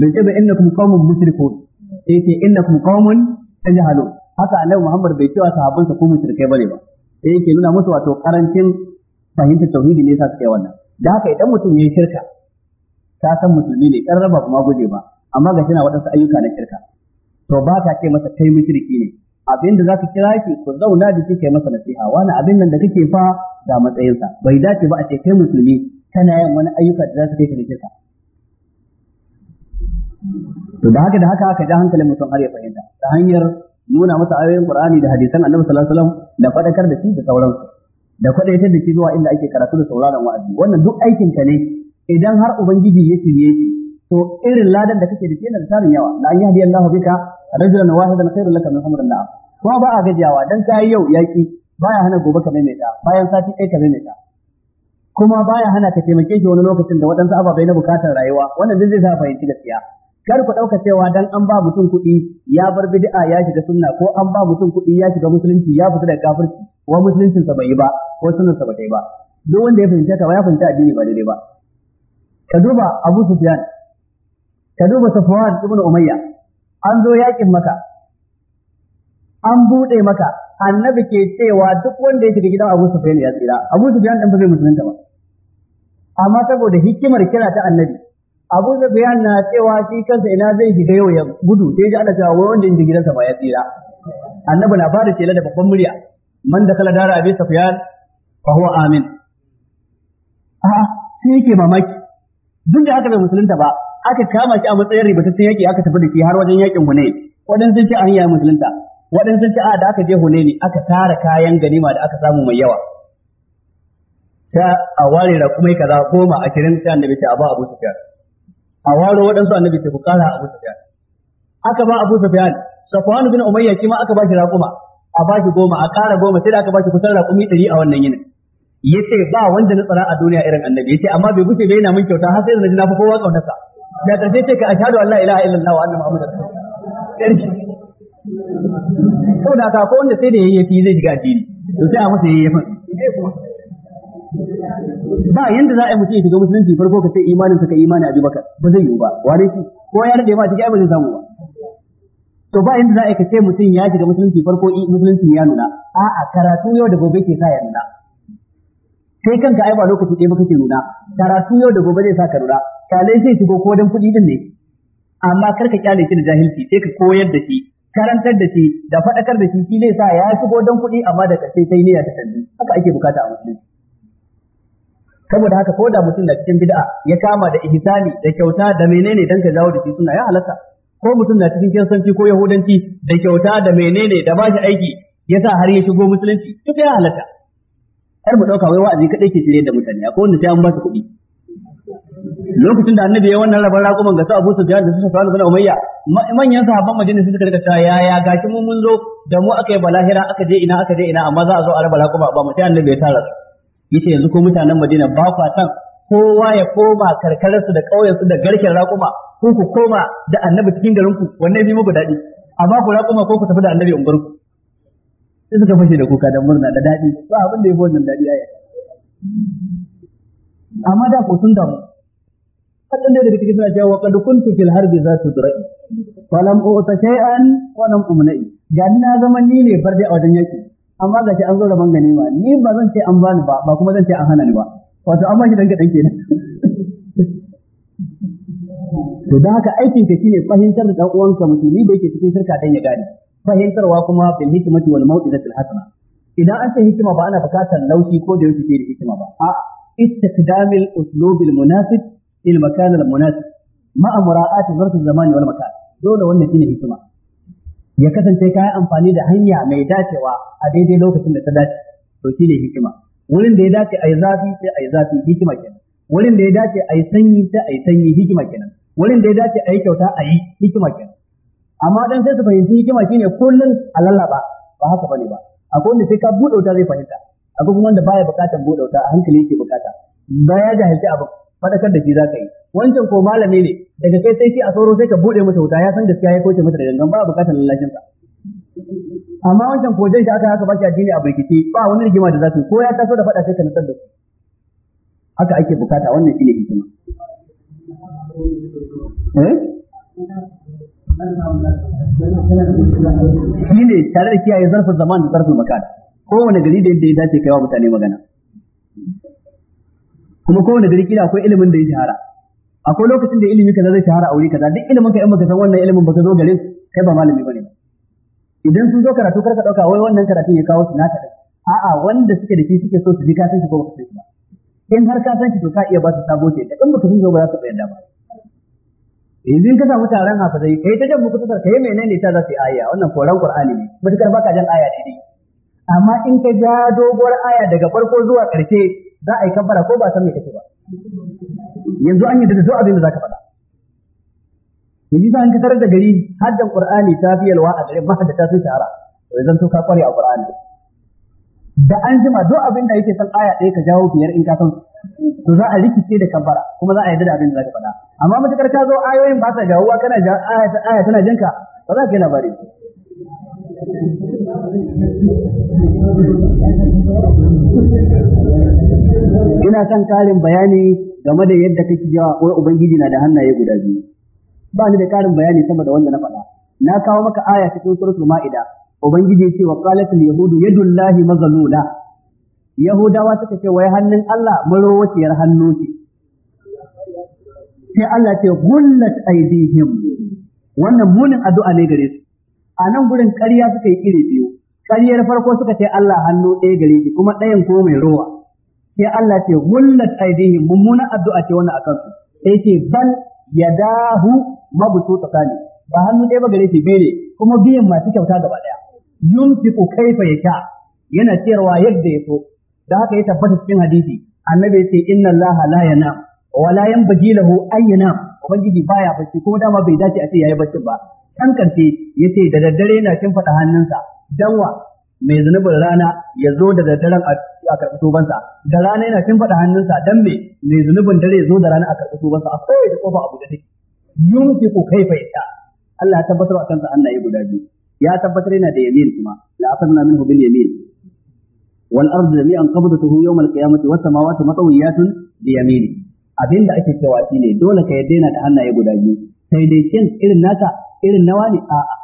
bai ce ba innakum qaumun mushrikun sai ce innakum qaumun tajhalu haka annabi Muhammad bai cewa sahabbansa kuma mushrikai bane ba sai yake nuna musu wato karancin fahimtar tauhidi ne sa suke wannan da haka idan mutum yayi shirka ta san musulmi ne kan raba kuma guje ba amma ga shi na waɗansu ayyuka na shirka to ba ka ce masa kai mushriki ne abin da zaka kira shi ku zauna da kike masa nasiha wani abin nan da kake fa ga matsayinsa bai dace ba a ce kai musulmi kana yin wani ayyuka da za su kai ka shirka to da haka da haka ka ji hankalin mutum har ya fahimta ta hanyar nuna masa ayoyin Qur'ani da hadisan Annabi sallallahu alaihi wasallam da fadakar da shi da sauransu da kwadaitar da shi zuwa inda ake karatu da sauraron wa'azi wannan duk aikin ka ne idan har ubangiji ya shirye shi to irin ladan da kake da shi yana da tarin yawa la yahdi Allahu bika rajulan wahidan khairul laka min humrin na'am kuma ba a gajiyawa dan kai yau yaki baya hana gobe ka maimaita bayan sati ɗaya ka maimaita kuma baya hana ka taimake shi wani lokacin da waɗansu ababai na bukatar rayuwa wannan zai sa fahimci gaskiya kar ku ɗauka cewa dan an ba mutum kuɗi ya bar bid'a ya shiga sunna ko an ba mutum kuɗi ya shiga musulunci ya fita daga kafirci ko musuluncin sa bai yi ba ko sunnan sa bai yi ba duk wanda ya fahimta ta ya fahimta addini ba daidai ba ka duba Abu Sufyan ka duba Safwan ibn Umayya an zo yakin maka an bude maka annabi ke cewa duk wanda ya shiga gidan Abu Sufyan ya tsira Abu Sufyan dan ba zai musulunta ba amma saboda hikimar kira ta annabi Abu bayan na cewa shi kansa ina zai shiga yau ya gudu sai ji ana cewa wai wanda inji gidansa ba ya tsira annabi na fara tela da babban murya man da kala dara abi Sufyan fa huwa amin a'a sai yake mamaki duk da haka bai musulunta ba aka kama shi a matsayin ribatattun yake aka tafi da shi har wajen yakin hune waɗansu sun ce an yi musulunta waɗansu sun ce a da aka je ne aka tara kayan ganima da aka samu mai yawa ta a ware da kuma kaza goma ashirin sai annabi ce a ba Abu Sufyan a waro waɗansu annabi ce ku kara Abu Sufyan aka ba Abu Sufyan Safwan bin Umayya kima aka ba shi raƙuma a ba shi goma a kara goma sai da aka ba shi kusan raƙumi ɗari a wannan yinin yace ba wanda na tsara a duniya irin annabi yace amma bai guce bai yana min kyauta har sai da na fi kowa kaunarsa ya ta ce ka ashhadu an la ilaha illallah wa anna muhammadar rasulullah da ka ko wanda sai da yayyafi zai shiga addini to sai a masa yayyafin ba yanda za a yi mutum ya shiga musulunci farko ka sai imanin ka imani Abu jibaka ba zai yiwu ba Wani shi ko ya rade ma cikin ba zai samu ba to ba yanda za a yi ka ce mutum ya shiga musulunci farko musulunci ya nuna a'a karatu yau da gobe ke sa ya nuna sai kanka ai ba lokaci ɗaya ba kake nuna karatu yau da gobe zai sa ka nuna kalai sai shigo ko dan kuɗi din ne amma kar ka kyale shi da jahilci sai ka koyar da shi karantar da shi da faɗakar da shi shi zai sa ya shigo dan kuɗi amma da ƙarshe sai ne ya ta haka ake bukata a musulunci saboda haka ko da mutum na cikin bid'a ya kama da ihsani da kyauta da menene dan ka dawo da shi suna ya halatta ko mutum na cikin kinsanci ko yahudanci da kyauta da menene da ba shi aiki yasa har ya shigo musulunci duk ya halatta har mu dauka wai wa'azi kadai ke shirye da mutane akwai wanda sai an ba su kuɗi lokacin da annabi ya wannan rabar raƙuman ga su Abu Sufyan da su Sufyan bin Umayya manyan sahabban Madina suka rika cewa ya ya gashi mu mun zo da mu aka yi balahira aka je ina aka je ina amma za a zo a raba raƙuma ba mu sai annabi ya tara su yace yanzu ko mutanen Madina ba kwa san kowa ya koma karkararsu da ƙauyensu da garken raƙuma ku ku koma da annabi cikin garin ku wannan bi muku daɗi amma ku raƙuma ko ku tafi da annabi unguwarku sai suka fashe da kuka da murna da daɗi ba abin da ya fi wannan daɗi aya amma da ku sun damu hakan dai daga cikin suna cewa wa kun kuntu fil harbi su durai falam uta shay'an wa lam umna'i ga na zaman ni ne farde a wajen yake. amma ga shi an zo rabon ma ni ba zan ce an bani ba ba kuma zan ce an hana ni ba wato amma shi dan kadan kenan to da haka aikin ka shine fahimtar da dan uwanka musulmi da yake cikin shirka dan ya gane fahimtarwa kuma bil hikmati wal mau'izatil hasana idan an ce hikima ba ana bukatar laushi ko da yake da hikima ba a istiqdamil uslubil munasib lil makan al munasib ma'a mura'ati zarf zaman wal makan dole wannan shine hikima ya kasance ka yi amfani da hanya mai dacewa a daidai lokacin da ta dace to shi ne hikima wurin da ya dace a yi zafi sai a yi zafi hikima kenan wurin da ya dace a yi sanyi sai a yi sanyi hikima kenan wurin da ya dace a yi kyauta a yi hikima kenan amma dan sai su fahimci hikima shine kullun a lallaba ba haka bane ba akwai wanda sai ka buɗe wuta zai fahimta akwai kuma wanda baya buƙatar buɗe wuta a hankali yake bukata baya jahilci abu faɗakar da shi ka yi wancan ko malami ne daga kai sai shi a sauro sai ka buɗe masa wuta ya san gaskiya ya koce masa da gangan ba bukatar lallashin sa amma wancan ko jan shi aka haka baki addini a birkice ba wani rigima da za su ko ya taso da faɗa sai ka nasar da shi haka ake bukata wannan shi ke hikima eh ne tare da kiyaye zarfin zaman da zarfin makana kowane gari da yadda ya dace wa mutane magana kuma kowane gari kila akwai ilimin da ya shahara akwai lokacin da ilimi kaza zai shahara a wuri kaza duk ilimin ka in baka san wannan ilimin baka zo garin kai ba malami bane idan sun zo karatu kar ka dauka wai wannan karatun ya kawo su naka din a'a wanda suke da shi suke so su ji ka san shi ko baka san shi ba in har ka san shi to ka iya ba su sabo ce da in baka san shi ba za su bayyana ba yanzu in ka samu taron haka hafizai kai ta jan muku ta kai menene ta za su yi aya wannan koran qur'ani ne mutakar baka jan aya dai amma in ka ja doguwar aya daga farko zuwa karshe za a yi kabbara ko ba san me kake ba yanzu an yi da zo abin da zaka faɗa yanzu za an ka tarar da gari haddan qur'ani ta fi yalwa a garin mahadda ta sun shahara to yanzu to ka kware a qur'ani da an jima duk abin da yake san aya ɗaya ka jawo biyar in ka san to za a rikice da kabbara kuma za a yarda da abin da zaka faɗa amma matakar ka zo ayoyin ba sa jawowa kana aya tana jinka ba za ka yi labari ina son karin bayani game da yadda kake yawa wai ubangiji na da hannaye guda biyu ba ni da karin bayani saboda wanda na faɗa na kawo maka aya cikin suratul ma'ida ubangiji ya ce wa Yahudu, yahudu yadullahi mazalula Yahudawa suka ce wai hannun Allah marowaciyar hannu ce. Sai Allah ce gullat aidihim wannan munin addu'a ne gare su. a nan gurin karya suka yi iri biyu ƙaryar farko suka ce Allah hannu ɗaya gare shi kuma ɗayan ko mai ruwa sai Allah ce gullat aidihi mummunan addu'a ce wannan akan su sai ce bal yadahu mabutu tsakani ba hannu ɗaya ba gare shi biyu kuma biyan masu kyauta gaba ɗaya yunfiqu kaifa yasha yana ciyarwa yadda ya so da haka ya tabbata cikin hadisi annabi ya ce inna Allah la yanam wala la yanbaghi lahu an ubangiji baya bacci kuma dama bai dace a ce ya yi baccin ba can ya ce da daddare yana cin faɗa hannunsa wa mai zunubin rana ya zo da daddaren a karɓi tubansa da rana yana cin faɗa hannunsa dan me mai zunubin dare ya zo da rana a karɓi tubansa a kawai da kofa abu da take yunfi ku kaifa yasha Allah ya tabbatar a kansa Allah ya guda biyu ya tabbatar yana da yamin kuma la akhadna minhu bil yamin wal ardu jami'an qabdatuhu yawm al qiyamati was samawati matawiyatun bi yamin abinda ake cewa shine dole ka yadda yana da hannaye guda biyu sai dai shin irin naka irin nawa ne a'a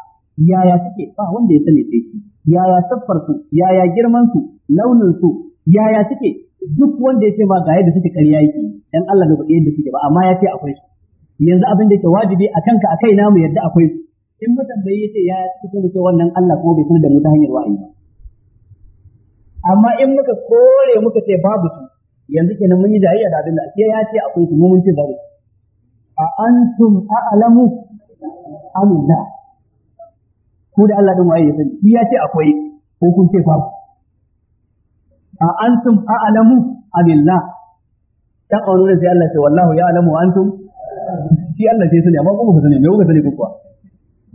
yaya suke ba wanda ya sani sai shi yaya siffar su yaya girman su launin su yaya suke duk wanda ya ce ba ga yadda suke ƙarya yake dan Allah bai faɗi yadda suke ba amma ya ce akwai su yanzu abin da ke wajibi a kanka a kai namu yadda akwai su in mu ya yace yaya suke sai mu ce wannan Allah kuma bai sanar da mu ta hanyar wa'ayi ba amma in muka kore muka ce babu su yanzu kenan mun yi jayayya da abin da ya ce akwai su mu mun ce babu a antum a'lamu Amin na, ku da Allah din waye ya sani shi ya ce akwai ko kun ce babu a antum a'lamu amillah dan aure da sai Allah ce wallahu ya alamu antum shi Allah sai sani amma ku ba sani me ku sani ku kuwa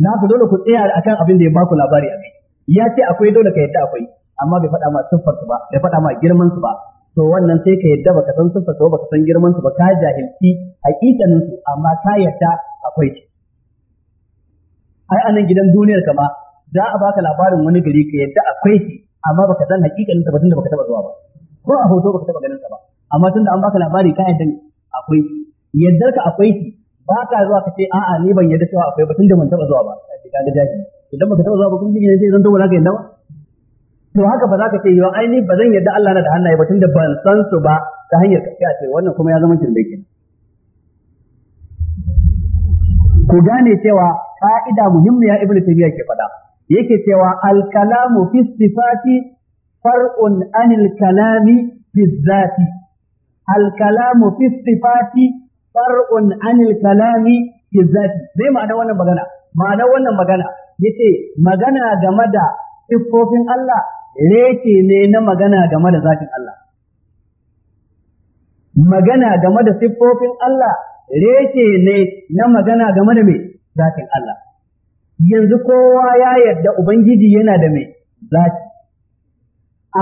na ku dole ku tsaya akan abin da ya baku labari a kai. ya ce akwai dole ka yadda akwai amma bai faɗa ma siffar ba bai faɗa ma girmansu ba to wannan sai ka yadda baka san siffar su baka san girmansu ba ka jahilci hakikanin su amma ka yadda akwai shi ai anan gidan duniyar ka ma za a baka labarin wani gari ka yadda akwai shi amma baka san ta ba tunda baka taba zuwa ba ko a hoto baka taba ganin sa ba amma tunda an baka labari ka yadda akwai yadda ka akwai shi ba ka zuwa ka ce a'a ni ban yadda cewa akwai ba tunda ban taba zuwa ba ka ga jaji. idan baka taba zuwa ba kuma ne sai zan dawo ka yadda ba to haka ba za ka ce yo ai ni ba zan yadda Allah na da hannaye ba tunda ban san su ba ta hanyar ka ce wannan kuma ya zama shirme kenan ku gane cewa fa'ida muhimmiya ibnu taymiya ke faɗa yake cewa al fi sifati far'un anil kalami fi dhati Alkalamu fi sifati far'un anil kalami fi dhati Zai ma'ana wannan magana ma'ana wannan magana yace magana game da siffofin Allah Reke ne na magana game da zatin Allah magana game da siffofin Allah reke ne na magana game da me zatin Allah yanzu kowa ya yarda ubangiji yana da mai zati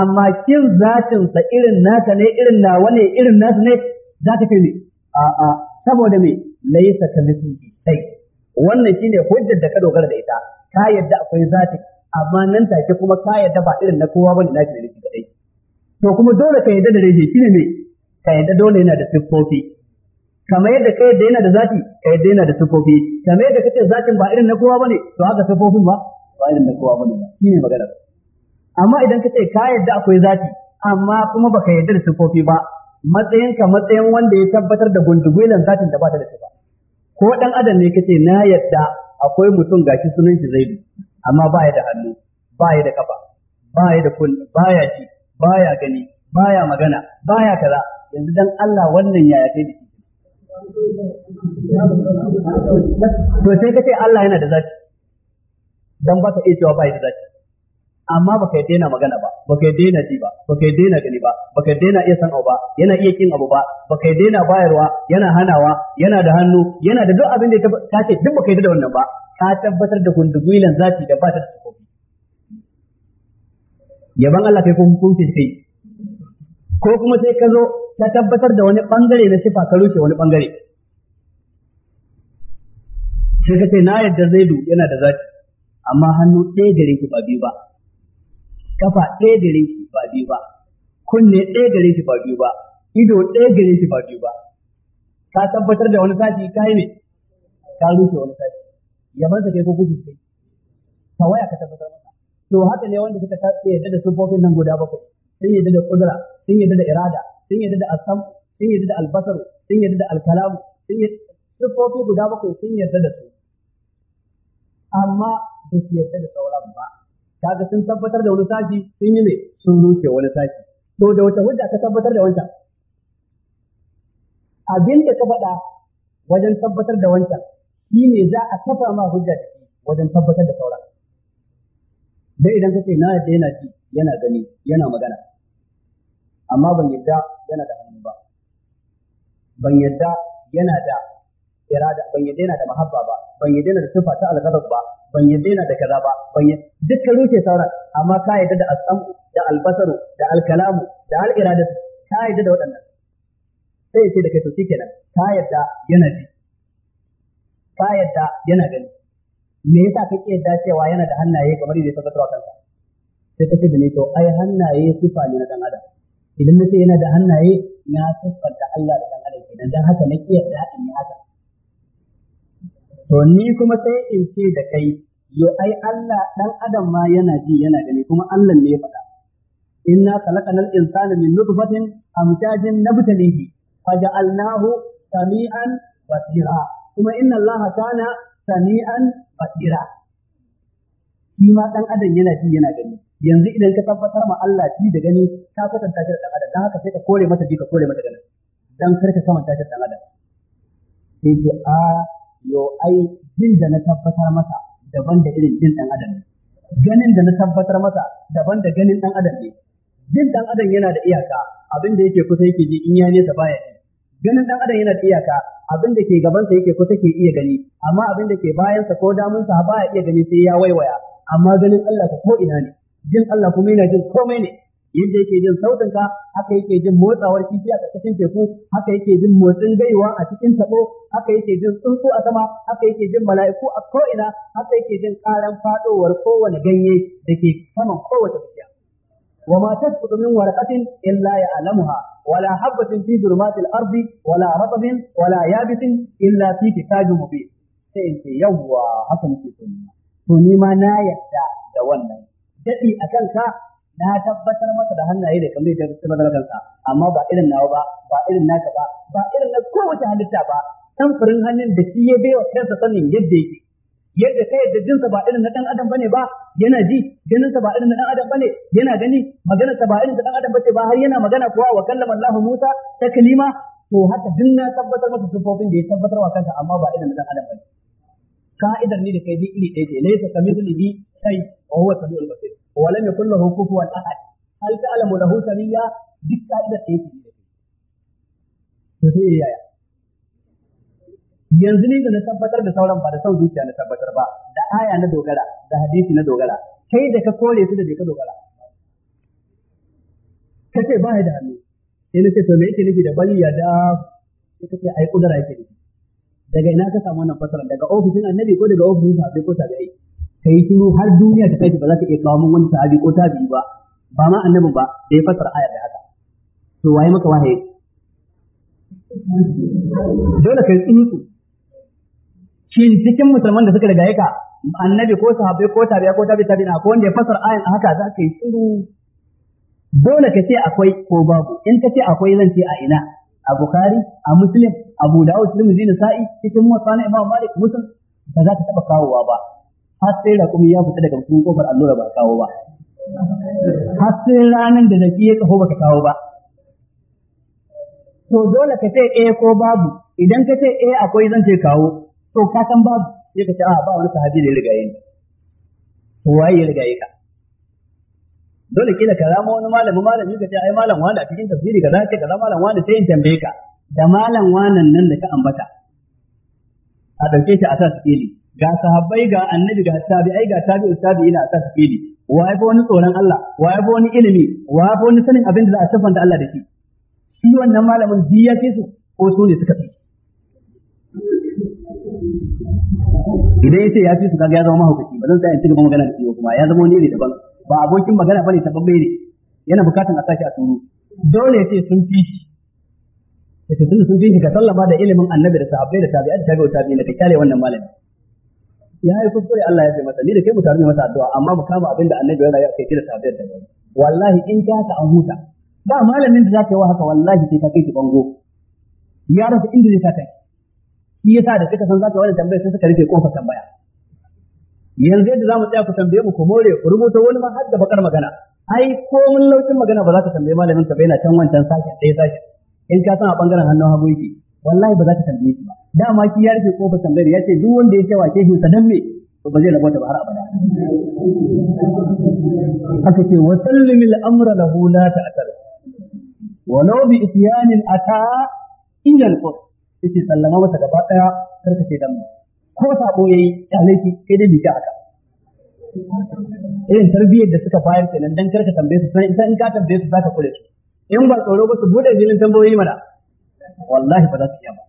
amma kin zatinsa irin nasa ne irin nawa ne irin nasa ne za ta kai ne a'a saboda me laisa ka mislihi sai wannan shine hujjar da ka dogara da ita ka yadda akwai zati amma nan take kuma ka yadda ba irin na kowa bane nake da shi kadai to kuma dole ka yarda da shi shine me ka yarda dole yana da siffofi kamar yadda kai yadda yana da zati kai yadda yana da sifofi kamar yadda kace zatin ba irin na kowa bane to haka sifofin ba ba irin na kowa bane ba shine magana amma idan kace ka yadda akwai zati amma kuma baka yadda da sifofi ba matsayinka matsayin wanda ya tabbatar da gundugulan zatin da ba ta da sifa ko dan adam ne kace na yadda akwai mutum gashi sunan shi zaidu amma ba ya da hannu ba ya da kafa ba ya da kulli ba ya ji ba ya gani ba ya magana ba ya kaza yanzu dan Allah wannan yaya kai to sai ka ce Allah yana da zaki dan baka iya cewa ba da zaki amma baka yi daina magana ba baka yi daina ji ba baka yi daina gani ba baka yi daina iya san abu ba yana iya kin abu ba baka yi daina bayarwa yana hanawa yana da hannu yana da duk abin da ka ce duk baka yi da wannan ba ka tabbatar da gundugulan zafi da ba ta da yaban Allah kai ko hukuncin kai ko kuma sai ka zo ka tabbatar da wani bangare na sifa ka rushe wani bangare sai ka ce na yadda du yana da zaki amma hannu ɗaya gare shi ba biyu ba kafa ɗaya gare shi ba biyu ba kunne ɗaya gare shi ba biyu ba ido ɗaya gare shi ba biyu ba ka tabbatar da wani sati ka yi ne ka rushe wani sati. yaman sa kai ko gudun kai ka waya ka tabbatar masa to haka ne wanda suka yadda da sufofin nan guda bakwai sun yadda da kudura sun yadda da irada sun yadda da asam sun yadda da albasar sun yadda da alkalam sun yadda tsofaffi guda bakwai sun yadda da su amma ba su yadda da sauran ba kaga sun tabbatar da wani sashi sun yi ne sun rufe wani sashi to da wata hujja ka tabbatar da wancan abin da ka faɗa wajen tabbatar da wancan shi ne za a kafa ma hujja da shi wajen tabbatar da sauran dai idan ka ce na yadda yana ji yana gani yana magana amma ban yadda yana da hannu ba ban yadda yana da irada ban yadda yana da mahabba ba ban yadda yana da sifa ta al ba ban yadda yana da kaza ba ban yadda dukkan rufe sauran amma ka yadda da asam da albasaru da al-kalamu da al ka yadda da waɗannan sai sai da kai to shikenan ka yadda yana ji ka yadda yana gani me yasa kake yadda cewa yana da hannaye kamar yadda ya tabbatar kansa sai kace da ne to ai hannaye sifa ne na dan adam idan na ce yana da hannaye na siffanta Allah da dan adam kenan dan haka na kiyar da in yi haka to ni kuma sai in ce da kai yo ai Allah dan adam ma yana ji yana gani kuma Allah ne ya faɗa inna khalaqnal insana min nutfatin amjajin nabtalihi faja'alnahu sami'an basira kuma inna Allah kana sami'an basira shi ma dan adam yana ji yana gani yanzu idan ka tabbatar ma Allah ji da gani ka kwatanta shi da dan adam dan haka sai ka kore mata ji ka kore mata gani dan karka kamanta shi da dan adam sai ce a yo ai jin da na tabbatar masa daban da irin jin dan adam ganin da na tabbatar masa daban da ganin dan adam ne jin dan adam yana da iyaka abin da yake kusa yake ji in ya nesa baya ne. ganin dan adam yana da iyaka abin da ke gabansa yake kusa ke iya gani amma abin da ke bayansa ko damunsa ba baya iya gani sai ya waiwaya amma ganin Allah ko ina ne jin Allah kuma yana jin komai ne yadda yake jin sautin ka haka yake jin motsawar kifi a ƙarƙashin teku haka yake jin motsin gaiwa a cikin tabo haka yake jin tsuntsu a sama haka yake jin mala'iku a ko'ina haka yake jin ƙaran faɗowar kowane ganye da ke saman kowace bishiya وما تسقط من ورقة إلا يعلمها ولا حبة في ظلمات الأرض wala رطب ولا يابس إلا في كتاب مبين sai in ce yawwa haka nake so ni ma na yadda da wannan daɗi a kanka na tabbatar masa da hannaye da kamar yadda ta da kanka amma ba irin nawa ba ba irin naka ba ba irin na kowace halitta ba samfurin hannun da shi ya baiwa kansa sanin yadda yake yadda kai da jinsa ba irin na dan adam bane ba yana ji ganinsa ba irin na dan adam bane yana gani maganarsa ba irin na dan adam bace ba har yana magana kuwa wa kallama Allahu Musa ta kalima to haka din na tabbatar masa sufofin da ya tabbatar wa kansa amma ba irin na dan adam bane ka'idar ne da kai dai iri ɗaya ce laisa kamithlihi shay wa huwa samiul basir wa lam yakul lahu kufuwan ahad hal ta'lamu lahu samiyya duk ka'ida da yake da to sai yaya yanzu ne da na tabbatar da sauran ba da son zuciya na tabbatar ba da aya na dogara da hadisi na dogara kai da ka kore su da bai ka dogara ka ce ba da hannu sai na ce to me yake nufi da bal ya da sai ka ce ai kudura yake nufi daga ina ka samu wannan fasara daga ofishin annabi ko daga ofishin sahabbai ko tabi'ai kai shiru har duniya ta tashi ba za ta iya kawo min wani sahabi ko tabi'i ba ba ma annabi ba da ya fassara ayar da haka to waye maka wahe? dole kai tsuntsu shin cikin musulman da suka riga ka annabi ko sahabbai ko tabi'a ko tabi na? ko wanda ya fassara ayar haka za ka yi shiru dole ka ce akwai ko babu in ka ce akwai zan ce a ina a bukari a muslim abu dawud tirmidhi sa'i cikin musnad imam malik muslim ba za ka taba kawowa ba har sai raƙumi ya fita daga cikin kofar allura ba kawo ba har sai ranar da zafi ya kaho baka kawo ba to dole ka ce eh ko babu idan ka ce eh akwai zan ce kawo to ka san babu sai ka ce a ah, ba wani sahabi da ya riga yi to waye ya riga yi ka dole kila ka zama wani malami malami ka ce ai malam wani a cikin tafsiri kaza ce kaza malam wani sai in tambaye ka da malam wanan nan da ka ambata a ɗauke shi a sa ni. ga sahabbai ga annabi ga tabi'ai ga tabi'u tabi'ina a kan wa ya wani tsoron Allah wa ya wani ilimi wa ya wani sanin abin da za a tafanta Allah da shi shi wannan malamin ji ya ce su ko su ne suka fi idan yace ya fi su kaga ya zama mahaukaci ba zan tsaya in ci gaba magana da shi kuma ya zama wani ne daban ba abokin magana bane tababbe ne yana bukatan a saki a tsoro dole sai sun fi shi yace tunda sun fi shi ka sallama da ilimin annabi da sahabbai da tabi'ai da tabi'u tabi'ina ka kyale wannan malamin. ya yi kuskure Allah ya ce masa ni da kai mu tare masa addu'a amma mu kama abin da annabi yana ya kai da tafiyar da gari wallahi in ka haka an huta ba malamin da za ka yi wa haka wallahi sai ka kai ki bango ya rasa inda zai sa kai shi yasa da kika san za ka wani tambaya sai suka rufe kofar tambaya yanzu yadda za mu tsaya ku tambaye mu ku more ku rubuta wani ma har da bakar magana ai ko mun laucin magana ba za ka tambaye malamin ka bai na can wancan sashen ɗaya sashen in ka san a bangaren hannun hagu yake wallahi ba za ka tambaye shi ba dama shi ya rufe kofar tambayar ya ce duk wanda ya ce wa shi sa me to ba zai rabota ba har abada aka ce wa sallimil amra lahu la ta'tar wa law bi ityanin ata ila al-qur yace sallama masa gaba daya ka ce dan ko sabo yayi dalaki kai dai bika haka irin tarbiyyar da suka bayar kenan dan ka tambaye su sai in ka tambaye su zaka kure su in ba tsoro ba su bude jinin tambayoyi mana wallahi ba za su iya ba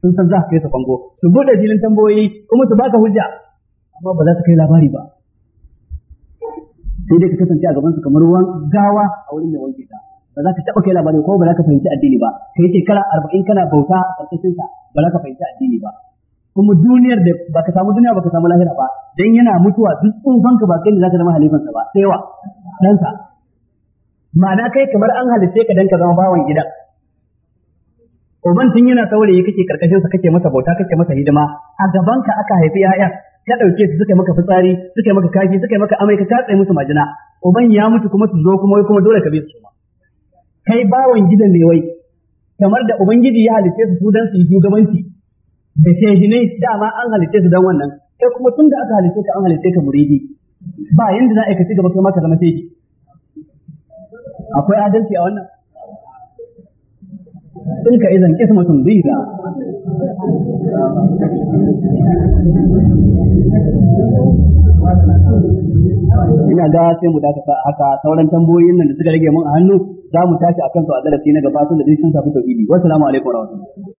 sun san za su kai ta kwango su buɗe filin tambayoyi kuma su baka hujja amma ba za su kai labari ba sai dai ka kasance a gaban su kamar ruwan gawa a wurin mai wanke ta ba za ka taɓa kai labari ko ba za ka fahimci addini ba Ka yi shekara arba'in kana bauta a ƙarƙashin sa ba za ka fahimci addini ba kuma duniyar da ba ka samu duniya ba ka samu lahira ba dan yana mutuwa duk ka ba kai ne za ka zama sa ba sai wa ɗansa ma'ana kai kamar an halitta ka dan ka zama bawan gidan uban tun yana saurayi kake karkashin sa kake masa bauta kake masa hidima a gaban ka aka haifi yaya ka dauke su suka maka fitsari suka maka kashi suka maka amai ka tsaye musu majina uban ya mutu kuma su zo kuma wai kuma dole ka bi su kai bawan gidan ne wai kamar da ubangiji ya halitta su dan su yi shugabanci da shehinai dama an halitta su dan wannan kai kuma tun da aka halitta ka an halitta ka muridi ba yanda za a aikace gaba kai ma ka zama shehi akwai adalci a wannan تلك إذا قسمة ضيزى ina ga sai mu dakata haka sauran tambayoyin nan da suka rage mun a hannu za mu tashi akan su a darasi na gaba tun da dai sun tafi tauhidi wassalamu alaikum warahmatullahi